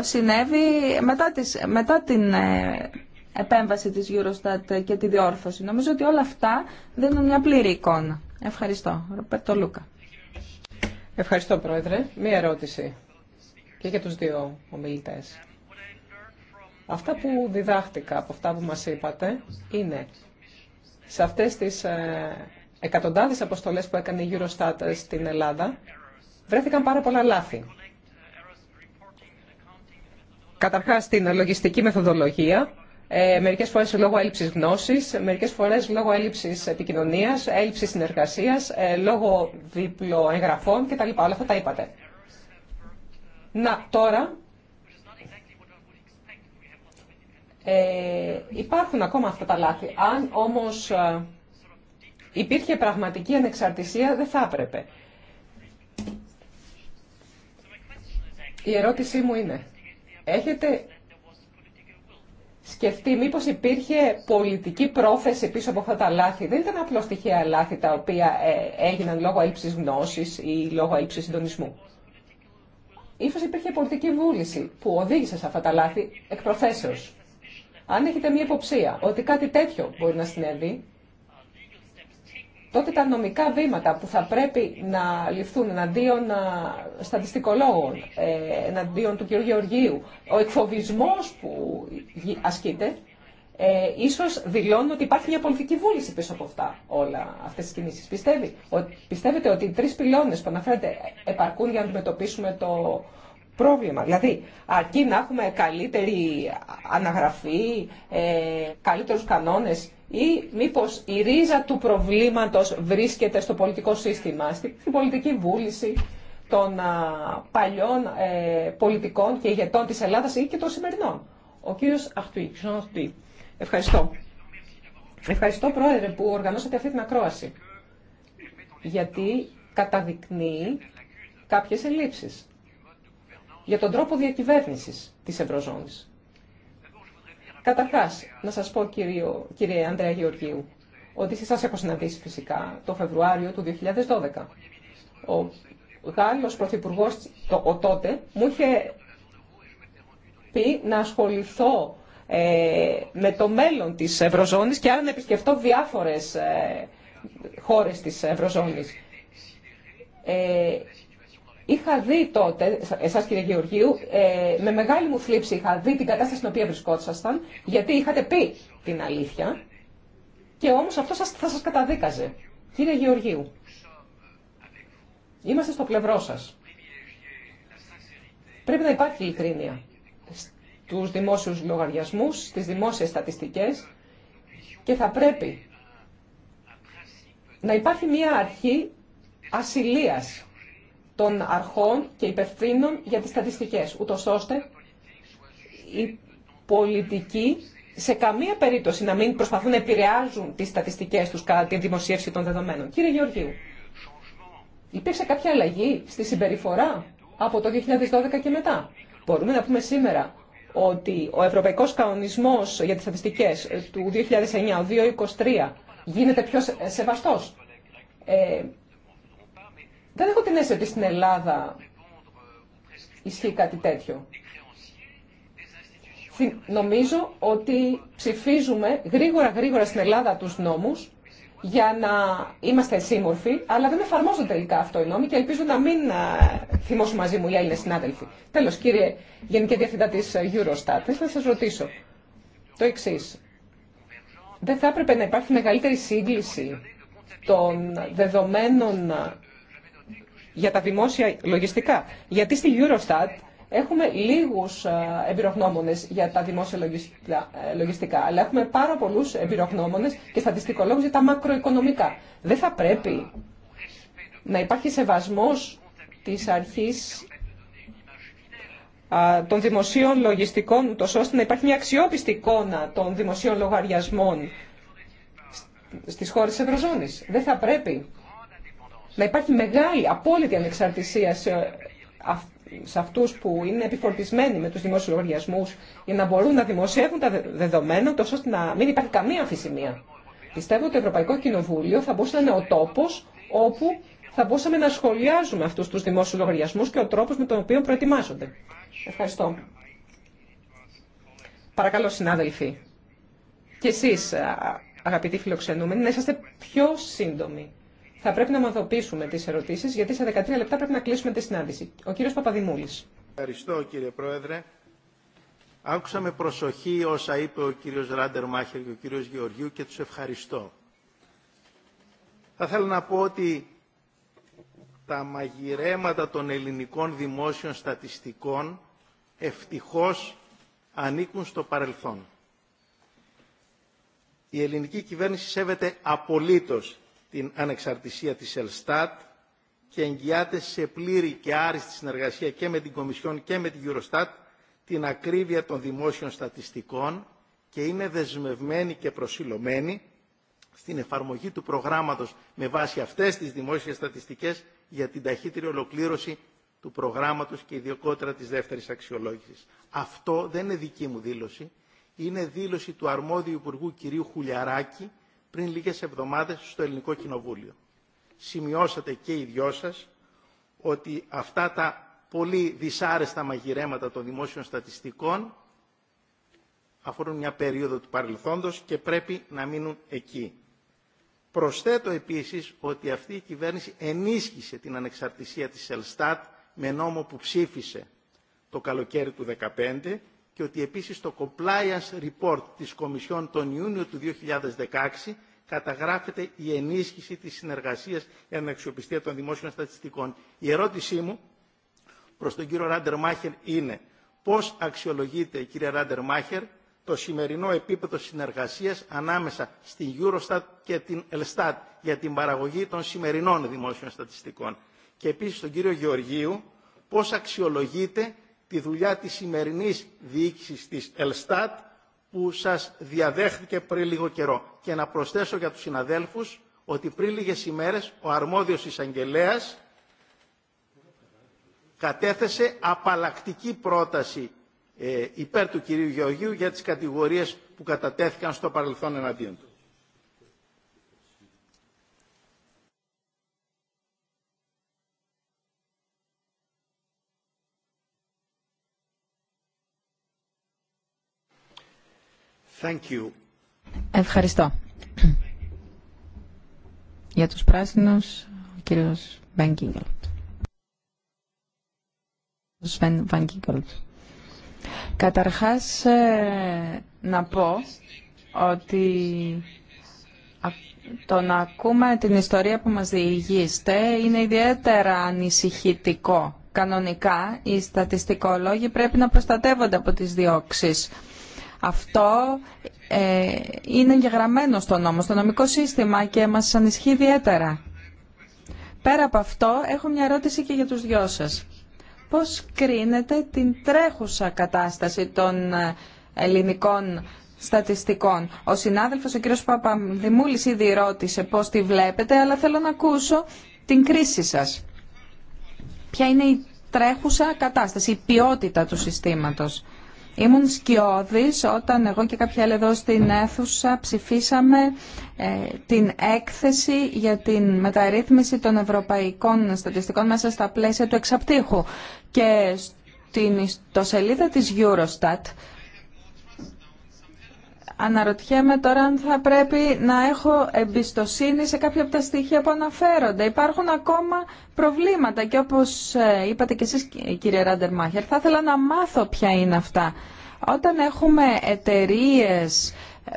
συνέβη μετά, τις, μετά την ε, επέμβαση της Eurostat και τη διόρθωση. Νομίζω ότι όλα αυτά δίνουν μια πλήρη εικόνα. Ευχαριστώ. Ροπέρτο Λούκα. Ευχαριστώ, Πρόεδρε. Μία ερώτηση και για τους δύο ομιλητές. Αυτά που διδάχτηκα από αυτά που μας είπατε είναι σε αυτές τις ε, εκατοντάδες αποστολές που έκανε η Eurostat στην Ελλάδα βρέθηκαν πάρα πολλά λάθη. Καταρχάς, την λογιστική μεθοδολογία ε, μερικές φορές λόγω έλλειψης γνώσης, μερικές φορές λόγω έλλειψης επικοινωνίας, έλλειψης συνεργασίας, ε, λόγω δίπλο εγγραφών κτλ. Όλα αυτά τα είπατε. Να, τώρα ε, υπάρχουν ακόμα αυτά τα λάθη. Αν όμως ε, υπήρχε πραγματική ανεξαρτησία, δεν θα έπρεπε. Η ερώτησή μου είναι, έχετε σκεφτεί μήπω υπήρχε πολιτική πρόθεση πίσω από αυτά τα λάθη. Δεν ήταν απλώ τυχαία λάθη τα οποία ε, έγιναν λόγω έλλειψη γνώση ή λόγω έλλειψης συντονισμού. Ίσως υπήρχε πολιτική βούληση που οδήγησε σε αυτά τα λάθη εκ προθέσεως. Αν έχετε μία υποψία ότι κάτι τέτοιο μπορεί να συνέβη, τότε τα νομικά βήματα που θα πρέπει να ληφθούν εναντίον στατιστικολόγων, ε, εναντίον του κ. Γεωργίου, ο εκφοβισμός που ασκείται, ε, ίσως δηλώνουν ότι υπάρχει μια πολιτική βούληση πίσω από αυτά όλα αυτές τις κινήσεις. Πιστεύει, πιστεύετε ότι οι τρεις πυλώνες που αναφέρετε επαρκούν για να αντιμετωπίσουμε το πρόβλημα. Δηλαδή, αρκεί να έχουμε καλύτερη αναγραφή, ε, καλύτερους κανόνες ή μήπως η ρίζα του προβλήματος βρίσκεται στο πολιτικό σύστημα, στην πολιτική βούληση των παλιών ε, πολιτικών και ηγετών της Ελλάδας ή και των σημερινών. Ο κύριος Αχτουή. Ευχαριστώ. Ευχαριστώ, Πρόεδρε, που οργανώσατε αυτή την ακρόαση. Γιατί καταδεικνύει κάποιες ελλείψεις για τον τρόπο διακυβέρνησης της Ευρωζώνης. Καταρχά, να σας πω κύριο, κύριε Ανδρέα Γεωργίου, ότι σα έχω συναντήσει φυσικά το Φεβρουάριο του 2012. Ο Γάλλος πρωθυπουργό το, ο τότε, μου είχε πει να ασχοληθώ ε, με το μέλλον της Ευρωζώνης και άρα να επισκεφτώ διάφορε ε, χώρες της Ευρωζώνης. Ε, Είχα δει τότε, εσά κύριε Γεωργίου, ε, με μεγάλη μου θλίψη είχα δει την κατάσταση στην οποία βρισκόσασταν, γιατί είχατε πει την αλήθεια και όμως αυτό σας, θα σας καταδίκαζε. Κύριε Γεωργίου, είμαστε στο πλευρό σα. Πρέπει να υπάρχει ειλικρίνεια στους δημόσιους λογαριασμούς, στις δημόσιες στατιστικές και θα πρέπει να υπάρχει μια αρχή ασυλίας των αρχών και υπευθύνων για τις στατιστικές, ούτως ώστε οι πολιτικοί σε καμία περίπτωση να μην προσπαθούν να επηρεάζουν τις στατιστικές τους κατά τη δημοσίευση των δεδομένων. Κύριε Γεωργίου, υπήρξε κάποια αλλαγή στη συμπεριφορά από το 2012 και μετά. Μπορούμε να πούμε σήμερα ότι ο Ευρωπαϊκός Κανονισμός για τις Στατιστικές ε, του 2009-2023 γίνεται πιο σεβαστός. Ε, δεν έχω την αίσθηση ότι στην Ελλάδα ισχύει κάτι τέτοιο. Νομίζω ότι ψηφίζουμε γρήγορα γρήγορα στην Ελλάδα τους νόμους για να είμαστε σύμμορφοι, αλλά δεν εφαρμόζονται τελικά αυτό οι νόμοι και ελπίζω να μην ε, θυμώσουν μαζί μου οι Έλληνες συνάδελφοι. Τέλος, κύριε Γενική Διευθυντά της Eurostat, θα σας ρωτήσω το εξή. Δεν θα έπρεπε να υπάρχει μεγαλύτερη σύγκληση των δεδομένων για τα δημόσια λογιστικά. Γιατί στη Eurostat έχουμε λίγους ε, εμπειρογνώμονε για τα δημόσια ε, λογιστικά, αλλά έχουμε πάρα πολλούς εμπειρογνώμονε και στατιστικολόγου για τα μακροοικονομικά. Δεν θα πρέπει να υπάρχει σεβασμός τη αρχής των δημοσίων λογιστικών, ούτω ώστε να υπάρχει μια αξιόπιστη εικόνα των δημοσίων λογαριασμών στις χώρες της Ευρωζώνης. Δεν θα πρέπει να υπάρχει μεγάλη, απόλυτη ανεξαρτησία σε, σε αυτούς που είναι επιφορτισμένοι με τους δημόσιους λογαριασμούς για να μπορούν να δημοσιεύουν τα δεδομένα τόσο ώστε να μην υπάρχει καμία αμφισημία. Πιστεύω ότι το Ευρωπαϊκό Κοινοβούλιο θα μπορούσε να είναι ο τόπος όπου θα μπορούσαμε να σχολιάζουμε αυτούς τους δημόσιους λογαριασμούς και ο τρόπος με τον οποίο προετοιμάζονται. Ευχαριστώ. Παρακαλώ συνάδελφοι, και εσείς αγαπητοί φιλοξενούμενοι, να είσαστε πιο σύντομοι. Θα πρέπει να ομαδοποιήσουμε τι ερωτήσει, γιατί σε 13 λεπτά πρέπει να κλείσουμε τη συνάντηση. Ο κύριο Παπαδημούλη. Ευχαριστώ κύριε Πρόεδρε. Άκουσα με προσοχή όσα είπε ο κύριος Ράντερ Μάχερ και ο κύριος Γεωργίου και τους ευχαριστώ. Θα θέλω να πω ότι τα μαγειρέματα των ελληνικών δημόσιων στατιστικών ευτυχώς ανήκουν στο παρελθόν. Η ελληνική κυβέρνηση σέβεται απολύτως την ανεξαρτησία της Ελστάτ και εγγυάται σε πλήρη και άριστη συνεργασία και με την Κομισιόν και με την Eurostat την ακρίβεια των δημόσιων στατιστικών και είναι δεσμευμένη και προσιλωμένη στην εφαρμογή του προγράμματος με βάση αυτές τις δημόσιες στατιστικές για την ταχύτερη ολοκλήρωση του προγράμματος και ιδιωκότερα της δεύτερης αξιολόγησης. Αυτό δεν είναι δική μου δήλωση. Είναι δήλωση του αρμόδιου Υπουργού κυρίου Χουλιαράκη πριν λίγες εβδομάδες στο Ελληνικό Κοινοβούλιο. Σημειώσατε και οι δυο σας ότι αυτά τα πολύ δυσάρεστα μαγειρέματα των δημόσιων στατιστικών αφορούν μια περίοδο του παρελθόντος και πρέπει να μείνουν εκεί. Προσθέτω επίσης ότι αυτή η κυβέρνηση ενίσχυσε την ανεξαρτησία της Ελστάτ με νόμο που ψήφισε το καλοκαίρι του 2015 και ότι επίσης το compliance report της Κομισιόν τον Ιούνιο του 2016 καταγράφεται η ενίσχυση της συνεργασίας για την αξιοπιστία των δημόσιων στατιστικών. Η ερώτησή μου προς τον κύριο Ράντερ Μάχερ είναι πώς αξιολογείται, κύριε Ράντερ Μάχερ, το σημερινό επίπεδο συνεργασίας ανάμεσα στην Eurostat και την Ελστάτ για την παραγωγή των σημερινών δημόσιων στατιστικών. Και επίσης τον κύριο Γεωργίου, πώς αξιολογείται τη δουλειά της σημερινής διοίκησης της Ελστάτ που σας διαδέχθηκε πριν λίγο καιρό. Και να προσθέσω για τους συναδέλφους ότι πριν λίγες ημέρες ο αρμόδιος εισαγγελέα κατέθεσε απαλλακτική πρόταση ε, υπέρ του κυρίου Γεωργίου για τις κατηγορίες που κατατέθηκαν στο παρελθόν εναντίον του. Ευχαριστώ. Για τους πράσινους, ο κύριος Βαν Σβέν Καταρχάς, ε, να πω ότι το να ακούμε την ιστορία που μας διηγείστε είναι ιδιαίτερα ανησυχητικό. Κανονικά, οι στατιστικολόγοι πρέπει να προστατεύονται από τις διώξεις. Αυτό ε, είναι εγγεγραμμένο στο νόμο, στο νομικό σύστημα και μας ανισχύει ιδιαίτερα. Πέρα από αυτό, έχω μια ερώτηση και για τους δυο σας. Πώς κρίνετε την τρέχουσα κατάσταση των ε, ελληνικών στατιστικών. Ο συνάδελφος, ο κύριος Παπαδημούλης, ήδη ρώτησε πώς τη βλέπετε, αλλά θέλω να ακούσω την κρίση σας. Ποια είναι η τρέχουσα κατάσταση, η ποιότητα του συστήματος. Ήμουν σκιώδης όταν εγώ και κάποια άλλη εδώ στην αίθουσα ψηφίσαμε ε, την έκθεση για την μεταρρύθμιση των ευρωπαϊκών στατιστικών μέσα στα πλαίσια του εξαπτύχου. Και στην ιστοσελίδα της Eurostat Αναρωτιέμαι τώρα αν θα πρέπει να έχω εμπιστοσύνη σε κάποια από τα στοιχεία που αναφέρονται. Υπάρχουν ακόμα προβλήματα και όπως ε, είπατε και εσείς κύριε Ράντερ Μάχερ, θα ήθελα να μάθω ποια είναι αυτά. Όταν έχουμε εταιρείε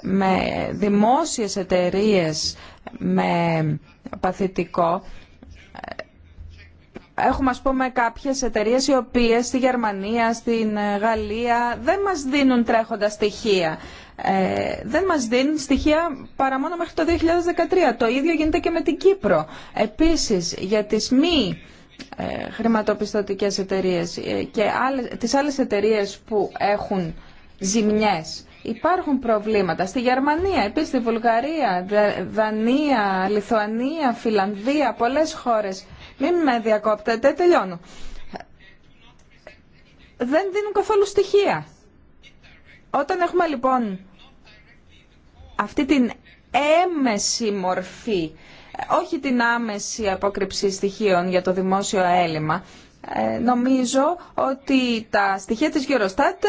με δημόσιες εταιρείε με παθητικό, Έχουμε ας πούμε κάποιες εταιρείες οι οποίες στη Γερμανία, στην ε, Γαλλία δεν μας δίνουν τρέχοντα στοιχεία. Ε, δεν μας δίνουν στοιχεία παρά μόνο μέχρι το 2013. Το ίδιο γίνεται και με την Κύπρο. Επίσης για τις μη ε, χρηματοπιστωτικές εταιρείες ε, και άλλες, τις άλλες εταιρείες που έχουν ζημιές υπάρχουν προβλήματα. Στη Γερμανία, επίσης στη Βουλγαρία, Δανία, Λιθουανία, Φιλανδία, πολλές χώρες μην με διακόπτετε, τελειώνω. Δεν δίνουν καθόλου στοιχεία. Όταν έχουμε λοιπόν αυτή την έμεση μορφή, όχι την άμεση απόκρυψη στοιχείων για το δημόσιο έλλειμμα, ε, νομίζω ότι τα στοιχεία της Eurostat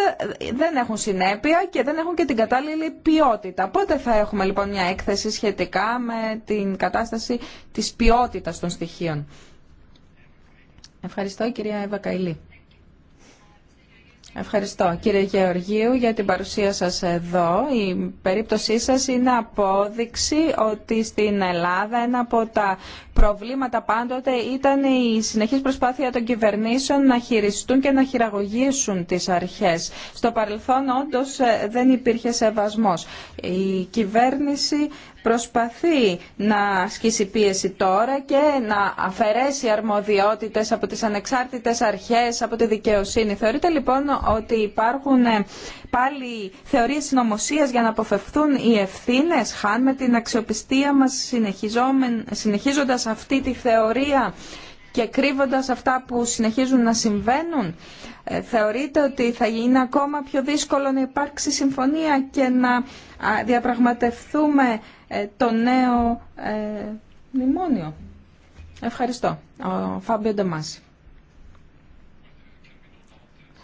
δεν έχουν συνέπεια και δεν έχουν και την κατάλληλη ποιότητα. Πότε θα έχουμε λοιπόν μια έκθεση σχετικά με την κατάσταση της ποιότητας των στοιχείων. Ευχαριστώ κυρία Εύα Καϊλή. Ευχαριστώ κύριε Γεωργίου για την παρουσία σας εδώ. Η περίπτωσή σας είναι απόδειξη ότι στην Ελλάδα ένα από τα προβλήματα πάντοτε ήταν η συνεχής προσπάθεια των κυβερνήσεων να χειριστούν και να χειραγωγήσουν τις αρχές. Στο παρελθόν όντως δεν υπήρχε σεβασμός. Η κυβέρνηση προσπαθεί να ασκήσει πίεση τώρα και να αφαιρέσει αρμοδιότητες από τις ανεξάρτητες αρχές, από τη δικαιοσύνη. Θεωρείτε λοιπόν ότι υπάρχουν ε, πάλι θεωρίες συνωμοσία για να αποφευθούν οι ευθύνε, χάνουμε την αξιοπιστία μας συνεχίζοντας αυτή τη θεωρία και κρύβοντας αυτά που συνεχίζουν να συμβαίνουν. Ε, Θεωρείτε ότι θα γίνει ακόμα πιο δύσκολο να υπάρξει συμφωνία και να διαπραγματευτούμε ε, το νέο ε, μνημόνιο. Ευχαριστώ. Ο Φάμπιο Ντεμάση.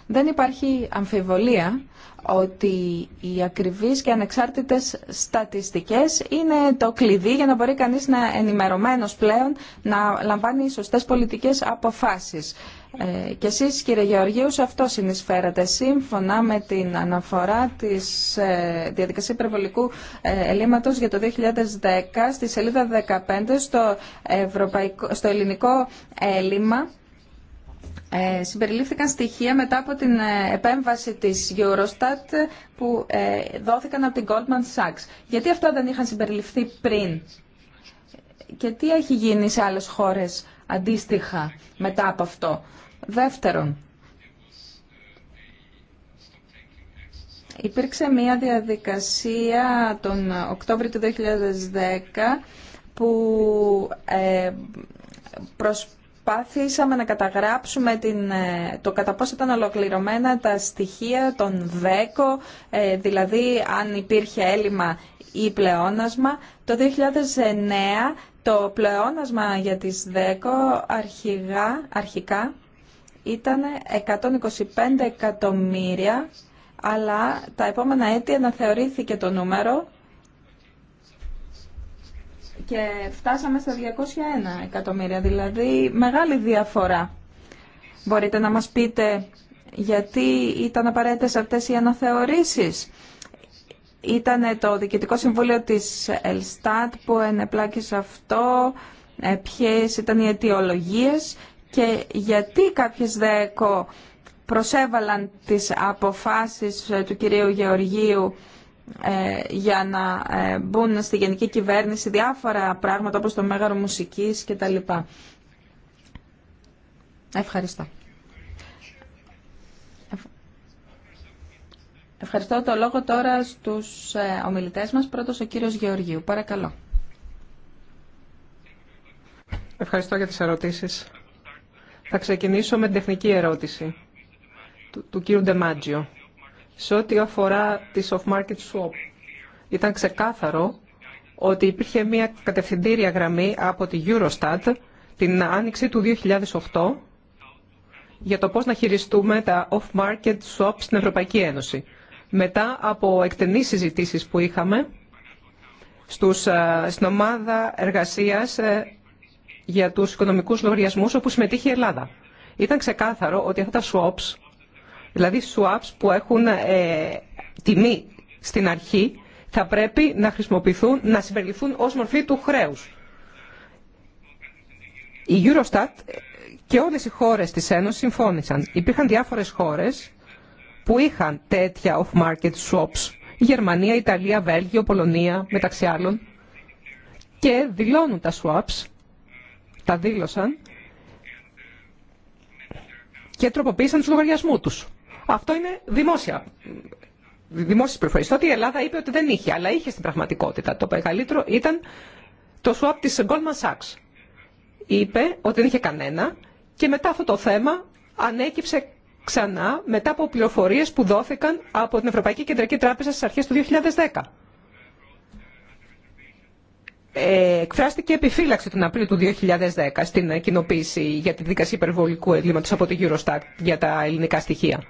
Δεν υπάρχει αμφιβολία ότι οι ακριβείς και ανεξάρτητες στατιστικές είναι το κλειδί για να μπορεί κανείς να ενημερωμένος πλέον να λαμβάνει σωστές πολιτικές αποφάσεις. Ε, και εσείς κύριε Γεωργίου αυτό συνεισφέρατε σύμφωνα με την αναφορά της ε, διαδικασίας υπερβολικού ε, για το 2010 στη σελίδα 15 στο, ευρωπαϊκό, στο ελληνικό έλλειμμα ε, συμπεριλήφθηκαν στοιχεία μετά από την ε, επέμβαση της Eurostat που δόθηκαν από την Goldman Sachs. Γιατί αυτά δεν είχαν συμπεριληφθεί πριν και τι έχει γίνει σε άλλες χώρες αντίστοιχα μετά από αυτό. Δεύτερον, υπήρξε μια διαδικασία τον Οκτώβριο του 2010 που ε, προσπάθησαμε να καταγράψουμε την, ε, το κατά πόσο ήταν ολοκληρωμένα τα στοιχεία των ΔΕΚΟ, ε, δηλαδή αν υπήρχε έλλειμμα ή πλεόνασμα. Το 2009 το πλεόνασμα για τις ΔΕΚΟ αρχικά, αρχικά ήταν 125 εκατομμύρια, αλλά τα επόμενα έτη αναθεωρήθηκε το νούμερο και φτάσαμε στα 201 εκατομμύρια, δηλαδή μεγάλη διαφορά. Μπορείτε να μας πείτε γιατί ήταν απαραίτητες αυτές οι αναθεωρήσεις ήταν το Διοικητικό Συμβούλιο της Ελστάτ που ενεπλάκησε αυτό, ε, ποιες ήταν οι αιτιολογίες και γιατί κάποιες ΔΕΚΟ προσέβαλαν τις αποφάσεις ε, του κυρίου Γεωργίου ε, για να μπουν στη γενική κυβέρνηση διάφορα πράγματα όπως το Μέγαρο Μουσικής κτλ. Ευχαριστώ. Ευχαριστώ το λόγο τώρα στους ε, ομιλητές μας. Πρώτος ο κύριος Γεωργίου. Παρακαλώ. Ευχαριστώ για τις ερωτήσεις. Θα ξεκινήσω με την τεχνική ερώτηση του, του κύριου Ντεμάτζιο. Σε ό,τι αφορά τις off-market swap, ήταν ξεκάθαρο ότι υπήρχε μια κατευθυντήρια γραμμή από τη Eurostat την άνοιξη του 2008 για το πώς να χειριστούμε τα off-market swap στην Ευρωπαϊκή Ένωση. Μετά από εκτενείς συζητήσεις που είχαμε στους, ε, στην ομάδα εργασίας ε, για τους οικονομικούς λογαριασμούς όπου συμμετείχε η Ελλάδα. Ήταν ξεκάθαρο ότι αυτά τα swaps, δηλαδή swaps που έχουν ε, τιμή στην αρχή, θα πρέπει να χρησιμοποιηθούν, να συμπεριληφθούν ως μορφή του χρέους. Η Eurostat και όλες οι χώρες της Ένωσης συμφώνησαν. Υπήρχαν διάφορες χώρες που είχαν τέτοια off-market swaps. Γερμανία, Ιταλία, Βέλγιο, Πολωνία, μεταξύ άλλων. Και δηλώνουν τα swaps, τα δήλωσαν και τροποποίησαν τους λογαριασμού τους. Αυτό είναι δημόσια. Δημόσιες πληροφορίες. Τότε η Ελλάδα είπε ότι δεν είχε, αλλά είχε στην πραγματικότητα. Το μεγαλύτερο ήταν το swap της Goldman Sachs. Είπε ότι δεν είχε κανένα και μετά αυτό το θέμα ανέκυψε ξανά μετά από πληροφορίες που δόθηκαν από την Ευρωπαϊκή Κεντρική Τράπεζα στις αρχές του 2010. Ε, εκφράστηκε επιφύλαξη τον Απρίλιο του 2010 στην κοινοποίηση για τη δικασία υπερβολικού έγκληματος από τη Eurostat για τα ελληνικά στοιχεία.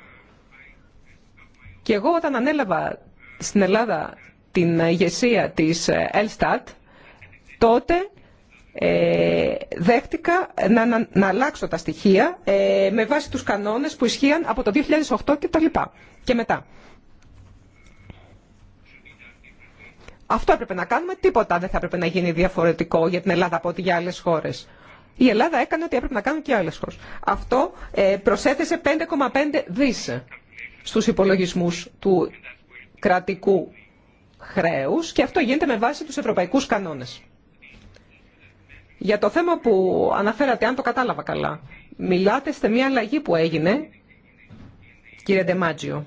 Και εγώ όταν ανέλαβα στην Ελλάδα την ηγεσία της Ελστάτ, τότε ε, δέχτηκα να, να, να αλλάξω τα στοιχεία ε, με βάση τους κανόνες που ισχύαν από το 2008 και τα λοιπά και μετά. Αυτό έπρεπε να κάνουμε, τίποτα δεν θα έπρεπε να γίνει διαφορετικό για την Ελλάδα από ό,τι για άλλες χώρες. Η Ελλάδα έκανε ότι έπρεπε να κάνουν και άλλες χώρες. Αυτό ε, προσέθεσε 5,5 δις στους υπολογισμούς του κρατικού χρέους και αυτό γίνεται με βάση τους ευρωπαϊκούς κανόνες. Για το θέμα που αναφέρατε, αν το κατάλαβα καλά, μιλάτε σε μια αλλαγή που έγινε, κύριε Ντεμάτζιο,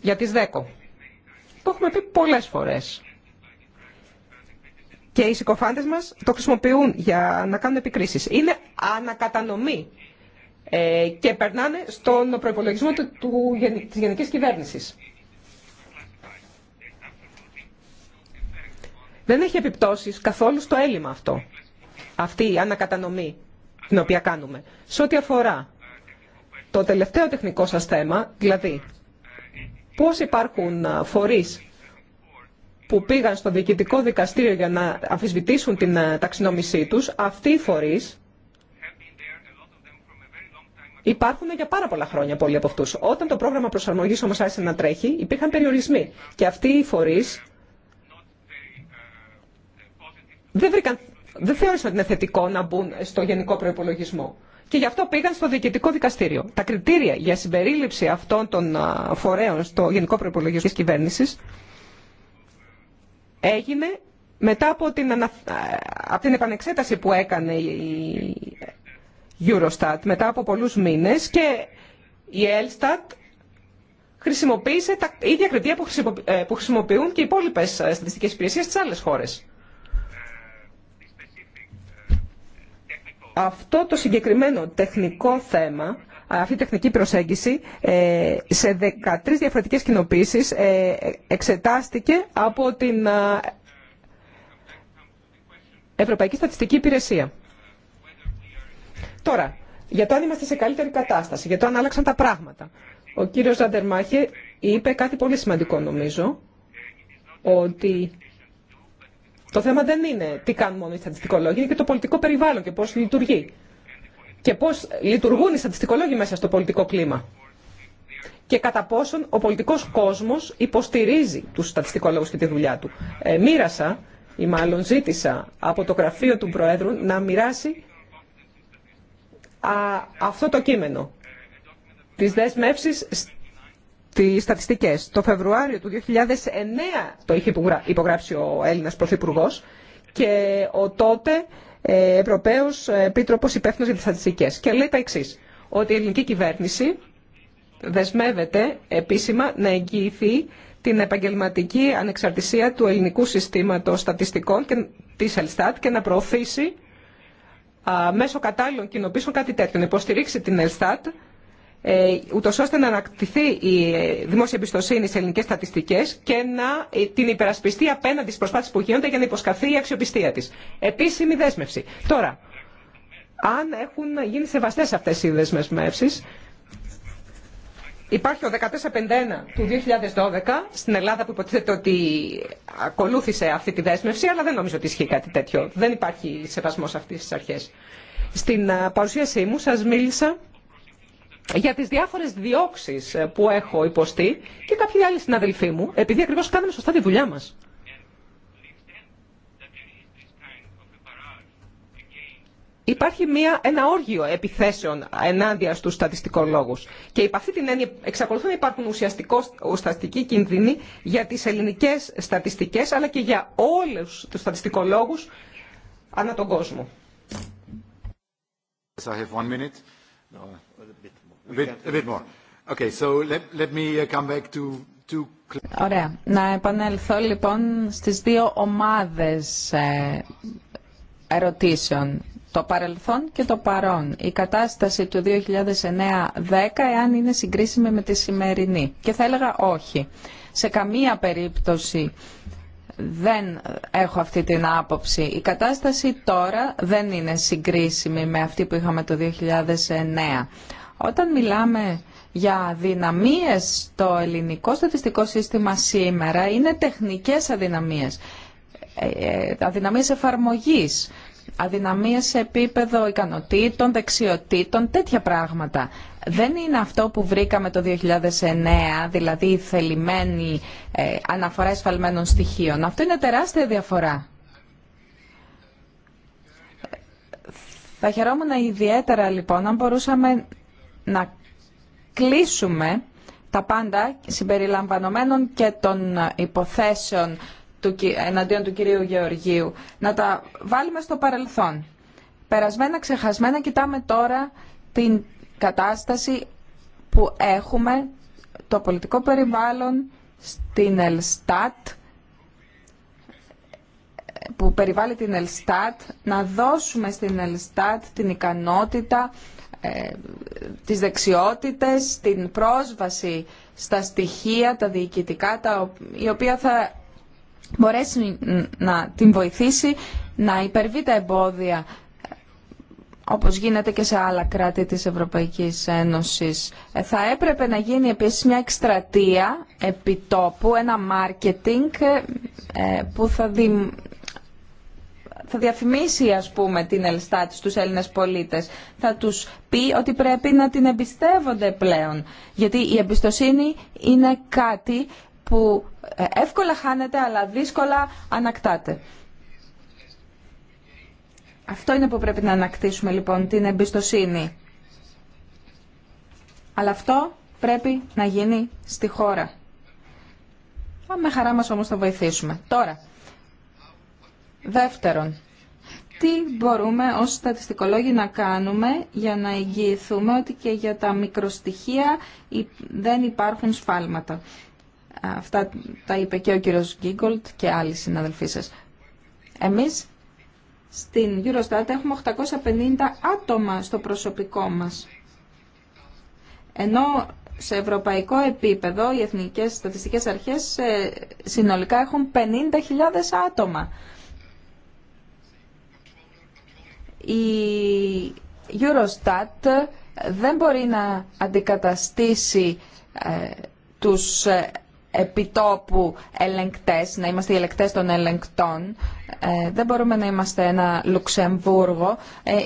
για τις ΔΕΚΟ. Το έχουμε πει πολλές φορές. Και οι συκοφάντες μας το χρησιμοποιούν για να κάνουν επικρίσεις. Είναι ανακατανομή ε, και περνάνε στον προπολογισμό του, του, της Γενικής Κυβέρνησης. δεν έχει επιπτώσει καθόλου στο έλλειμμα αυτό. Αυτή η ανακατανομή την οποία κάνουμε. Σε ό,τι αφορά το τελευταίο τεχνικό σας θέμα, δηλαδή πώς υπάρχουν φορείς που πήγαν στο διοικητικό δικαστήριο για να αμφισβητήσουν την ε, ταξινόμησή τους, αυτοί οι φορείς υπάρχουν για πάρα πολλά χρόνια πολλοί από αυτούς. Όταν το πρόγραμμα προσαρμογής όμως άρχισε να τρέχει, υπήρχαν περιορισμοί. Και αυτοί οι φορείς δεν, θεώρησαν ότι είναι θετικό να μπουν στο γενικό προπολογισμό. Και γι' αυτό πήγαν στο διοικητικό δικαστήριο. Τα κριτήρια για συμπερίληψη αυτών των φορέων στο γενικό προπολογισμό τη κυβέρνηση έγινε μετά από την, από την επανεξέταση που έκανε η Eurostat μετά από πολλούς μήνες και η Elstat χρησιμοποίησε τα ίδια κριτήρια που χρησιμοποιούν ε, και οι υπόλοιπε ε, στατιστικές υπηρεσίες στις άλλες χώρες. Αυτό το συγκεκριμένο τεχνικό θέμα, αυτή η τεχνική προσέγγιση, ε, σε 13 διαφορετικές κοινοποίησεις ε, εξετάστηκε από την ε, Ευρωπαϊκή Στατιστική Υπηρεσία. Τώρα, για το αν είμαστε σε καλύτερη κατάσταση, για το αν άλλαξαν τα πράγματα. Ο κύριος Ζαντερμάχε είπε κάτι πολύ σημαντικό νομίζω, ότι το θέμα δεν είναι τι κάνουν μόνο οι στατιστικολόγοι, είναι και το πολιτικό περιβάλλον και πώς λειτουργεί. Και πώς λειτουργούν οι στατιστικολόγοι μέσα στο πολιτικό κλίμα. Και κατά πόσον ο πολιτικός κόσμος υποστηρίζει τους στατιστικολόγους και τη δουλειά του. Ε, μοίρασα ή μάλλον ζήτησα από το γραφείο του Προέδρου να μοιράσει α, αυτό το κείμενο. Τις δεσμεύσεις τι στατιστικές. Το Φεβρουάριο του 2009 το είχε υπογράψει ο Έλληνα Πρωθυπουργό και ο τότε ε, Ευρωπαίος Επίτροπος Υπεύθυνος για τι. Στατιστικές. Και λέει τα εξή ότι η ελληνική κυβέρνηση δεσμεύεται επίσημα να εγγυηθεί την επαγγελματική ανεξαρτησία του ελληνικού συστήματος στατιστικών και της Ελστάτ και να προωθήσει μέσω κατάλληλων κοινοποίησεων κάτι τέτοιο. Να υποστηρίξει την Ελστάτ ε, ούτω ώστε να ανακτηθεί η δημόσια εμπιστοσύνη σε ελληνικέ στατιστικέ και να ε, την υπερασπιστεί απέναντι στι προσπάθειε που γίνονται για να υποσκαθεί η αξιοπιστία τη. Επίσημη δέσμευση. Τώρα, αν έχουν γίνει σεβαστέ αυτέ οι δεσμεύσει, Υπάρχει ο 1451 του 2012 στην Ελλάδα που υποτίθεται ότι ακολούθησε αυτή τη δέσμευση, αλλά δεν νομίζω ότι ισχύει κάτι τέτοιο. Δεν υπάρχει σεβασμός αυτής της αρχέ. Στην ε, παρουσίασή μου σας μίλησα για τις διάφορες διώξεις ε, που έχω υποστεί και κάποιοι άλλοι συναδελφοί μου, επειδή ακριβώς κάναμε σωστά τη δουλειά μας. Υπάρχει μια, ένα όργιο επιθέσεων ενάντια στους στατιστικολόγους και υπ' αυτή την έννοια εξακολουθούν να υπάρχουν ουσιαστικοί κινδύνοι για τις ελληνικές στατιστικές αλλά και για όλους τους στατιστικολόγους ανά τον κόσμο. one Ωραία. Να επανέλθω λοιπόν στις δύο ομάδες ε, ερωτήσεων. Το παρελθόν και το παρόν. Η κατάσταση του 2009-10 εάν είναι συγκρίσιμη με τη σημερινή. Και θα έλεγα όχι. Σε καμία περίπτωση δεν έχω αυτή την άποψη. Η κατάσταση τώρα δεν είναι συγκρίσιμη με αυτή που είχαμε το 2009. Όταν μιλάμε για αδυναμίες στο ελληνικό στατιστικό σύστημα σήμερα, είναι τεχνικές αδυναμίες, ε, ε, αδυναμίες εφαρμογής, αδυναμίες σε επίπεδο ικανοτήτων, δεξιοτήτων, τέτοια πράγματα. Δεν είναι αυτό που βρήκαμε το 2009, δηλαδή η θελημένη ε, αναφορά εσφαλμένων στοιχείων. Αυτό είναι τεράστια διαφορά. Θα χαιρόμουν ιδιαίτερα λοιπόν αν μπορούσαμε να κλείσουμε τα πάντα συμπεριλαμβανομένων και των υποθέσεων του, εναντίον του κυρίου Γεωργίου, να τα βάλουμε στο παρελθόν. Περασμένα, ξεχασμένα, κοιτάμε τώρα την κατάσταση που έχουμε το πολιτικό περιβάλλον στην Ελστάτ, που περιβάλλει την Ελστάτ, να δώσουμε στην Ελστάτ την ικανότητα ε, τις δεξιότητες, την πρόσβαση στα στοιχεία, τα διοικητικά, τα, η οποία θα μπορέσει να την βοηθήσει να υπερβεί τα εμπόδια όπως γίνεται και σε άλλα κράτη της Ευρωπαϊκής Ένωσης. Ε, θα έπρεπε να γίνει επίσης μια εκστρατεία επιτόπου, ένα μάρκετινγκ που θα δι θα διαφημίσει ας πούμε την Ελστάτ στους Έλληνες πολίτες. Θα τους πει ότι πρέπει να την εμπιστεύονται πλέον. Γιατί η εμπιστοσύνη είναι κάτι που ε, εύκολα χάνεται αλλά δύσκολα ανακτάται. Αυτό είναι που πρέπει να ανακτήσουμε λοιπόν την εμπιστοσύνη. Αλλά αυτό πρέπει να γίνει στη χώρα. Με χαρά μας όμως θα βοηθήσουμε. Τώρα, Δεύτερον, τι μπορούμε ως στατιστικολόγοι να κάνουμε για να εγγυηθούμε ότι και για τα μικροστοιχεία δεν υπάρχουν σφάλματα. Αυτά τα είπε και ο κύριος Γκίγκολτ και άλλοι συναδελφοί σας. Εμείς στην Eurostat έχουμε 850 άτομα στο προσωπικό μας. Ενώ σε ευρωπαϊκό επίπεδο οι εθνικές στατιστικές αρχές ε, συνολικά έχουν 50.000 άτομα η Eurostat δεν μπορεί να αντικαταστήσει ε, τους ε, επιτόπου ελεγκτές, να είμαστε οι ελεγκτές των ελεγκτών. Ε, δεν μπορούμε να είμαστε ένα Λουξεμβούργο.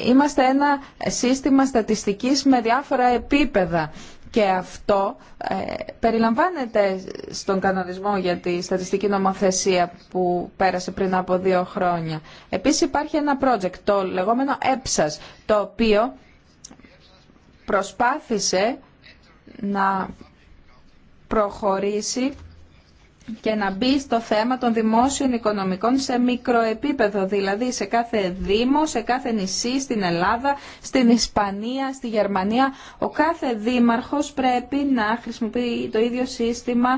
Είμαστε ένα σύστημα στατιστικής με διάφορα επίπεδα. Και αυτό ε, περιλαμβάνεται στον κανονισμό για τη στατιστική νομοθεσία που πέρασε πριν από δύο χρόνια. Επίσης υπάρχει ένα project, το λεγόμενο EPSAS, το οποίο προσπάθησε να προχωρήσει και να μπει στο θέμα των δημόσιων οικονομικών σε μικροεπίπεδο, δηλαδή σε κάθε δήμο, σε κάθε νησί, στην Ελλάδα, στην Ισπανία, στη Γερμανία. Ο κάθε δήμαρχος πρέπει να χρησιμοποιεί το ίδιο σύστημα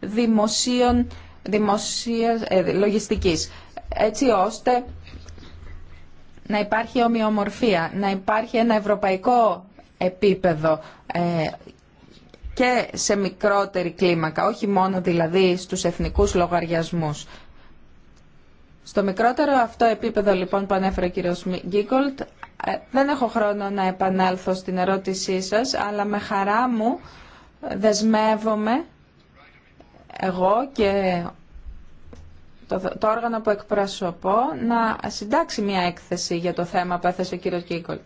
δημοσίων, δημοσίας, ε, λογιστικής, έτσι ώστε να υπάρχει ομοιομορφία, να υπάρχει ένα ευρωπαϊκό επίπεδο ε, και σε μικρότερη κλίμακα, όχι μόνο δηλαδή στους εθνικούς λογαριασμούς. Στο μικρότερο αυτό επίπεδο λοιπόν που ανέφερε ο κύριος Γκίκολτ, ε, δεν έχω χρόνο να επανέλθω στην ερώτησή σας, αλλά με χαρά μου δεσμεύομαι εγώ και το, το όργανο που εκπροσωπώ να συντάξει μια έκθεση για το θέμα που έθεσε ο κύριος Γκίκολτ.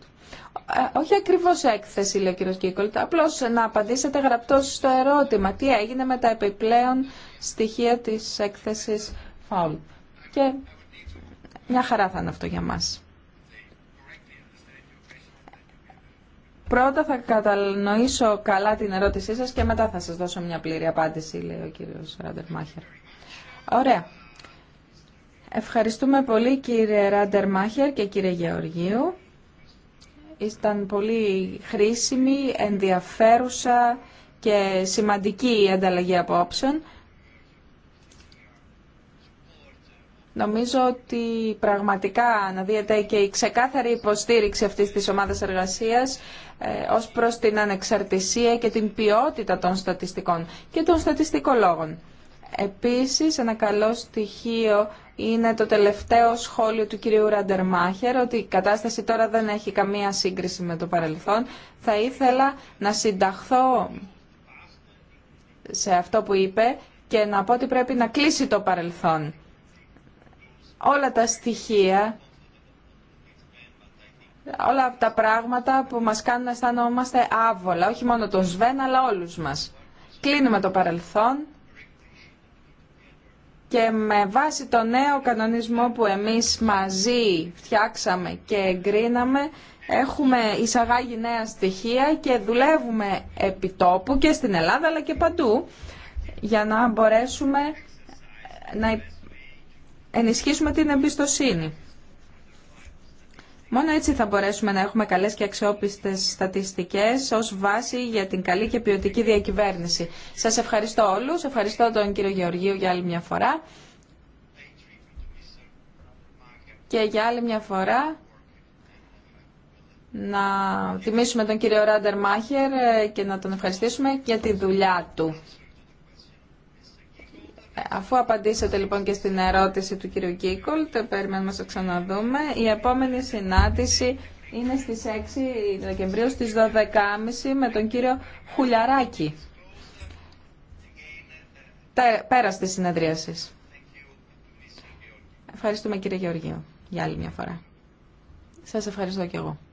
Ε, όχι ακριβώ έκθεση, λέει ο κύριος Κίκολτ, απλώς να απαντήσετε γραπτώς στο ερώτημα. Τι έγινε με τα επιπλέον στοιχεία της έκθεσης Φάουλ. Και μια χαρά θα είναι αυτό για μας. Πρώτα θα κατανοήσω καλά την ερώτησή σας και μετά θα σας δώσω μια πλήρη απάντηση, λέει ο κύριος Ράντερ Μάχερ. Ωραία. Ευχαριστούμε πολύ κύριε Ράντερ Μάχερ και κύριε Γεωργίου ήταν πολύ χρήσιμη, ενδιαφέρουσα και σημαντική η ανταλλαγή απόψεων. Νομίζω ότι πραγματικά αναδύεται και η ξεκάθαρη υποστήριξη αυτής της ομάδας εργασίας ε, ως προς την ανεξαρτησία και την ποιότητα των στατιστικών και των στατιστικολόγων. Επίσης, ένα καλό στοιχείο είναι το τελευταίο σχόλιο του κυρίου Ραντερμάχερ ότι η κατάσταση τώρα δεν έχει καμία σύγκριση με το παρελθόν. Θα ήθελα να συνταχθώ σε αυτό που είπε και να πω ότι πρέπει να κλείσει το παρελθόν. Όλα τα στοιχεία, όλα τα πράγματα που μας κάνουν να αισθανόμαστε άβολα, όχι μόνο τον Σβέν αλλά όλους μας. Κλείνουμε το παρελθόν και με βάση το νέο κανονισμό που εμείς μαζί φτιάξαμε και εγκρίναμε έχουμε εισαγάγει νέα στοιχεία και δουλεύουμε επιτόπου και στην Ελλάδα αλλά και παντού για να μπορέσουμε να ενισχύσουμε την εμπιστοσύνη. Μόνο έτσι θα μπορέσουμε να έχουμε καλές και αξιόπιστες στατιστικές ως βάση για την καλή και ποιοτική διακυβέρνηση. Σας ευχαριστώ όλους, ευχαριστώ τον κύριο Γεωργίου για άλλη μια φορά και για άλλη μια φορά να τιμήσουμε τον κύριο Ράντερ Μάχερ και να τον ευχαριστήσουμε για τη δουλειά του. Αφού απαντήσατε λοιπόν και στην ερώτηση του κύριου Κίκολ, το περιμένουμε να σας ξαναδούμε. Η επόμενη συνάντηση είναι στις 6 Δεκεμβρίου στις 12.30 με τον κύριο Χουλιαράκη. Πέρα στη συνεδρίαση. Ευχαριστούμε κύριε Γεωργίου για άλλη μια φορά. Σας ευχαριστώ και εγώ.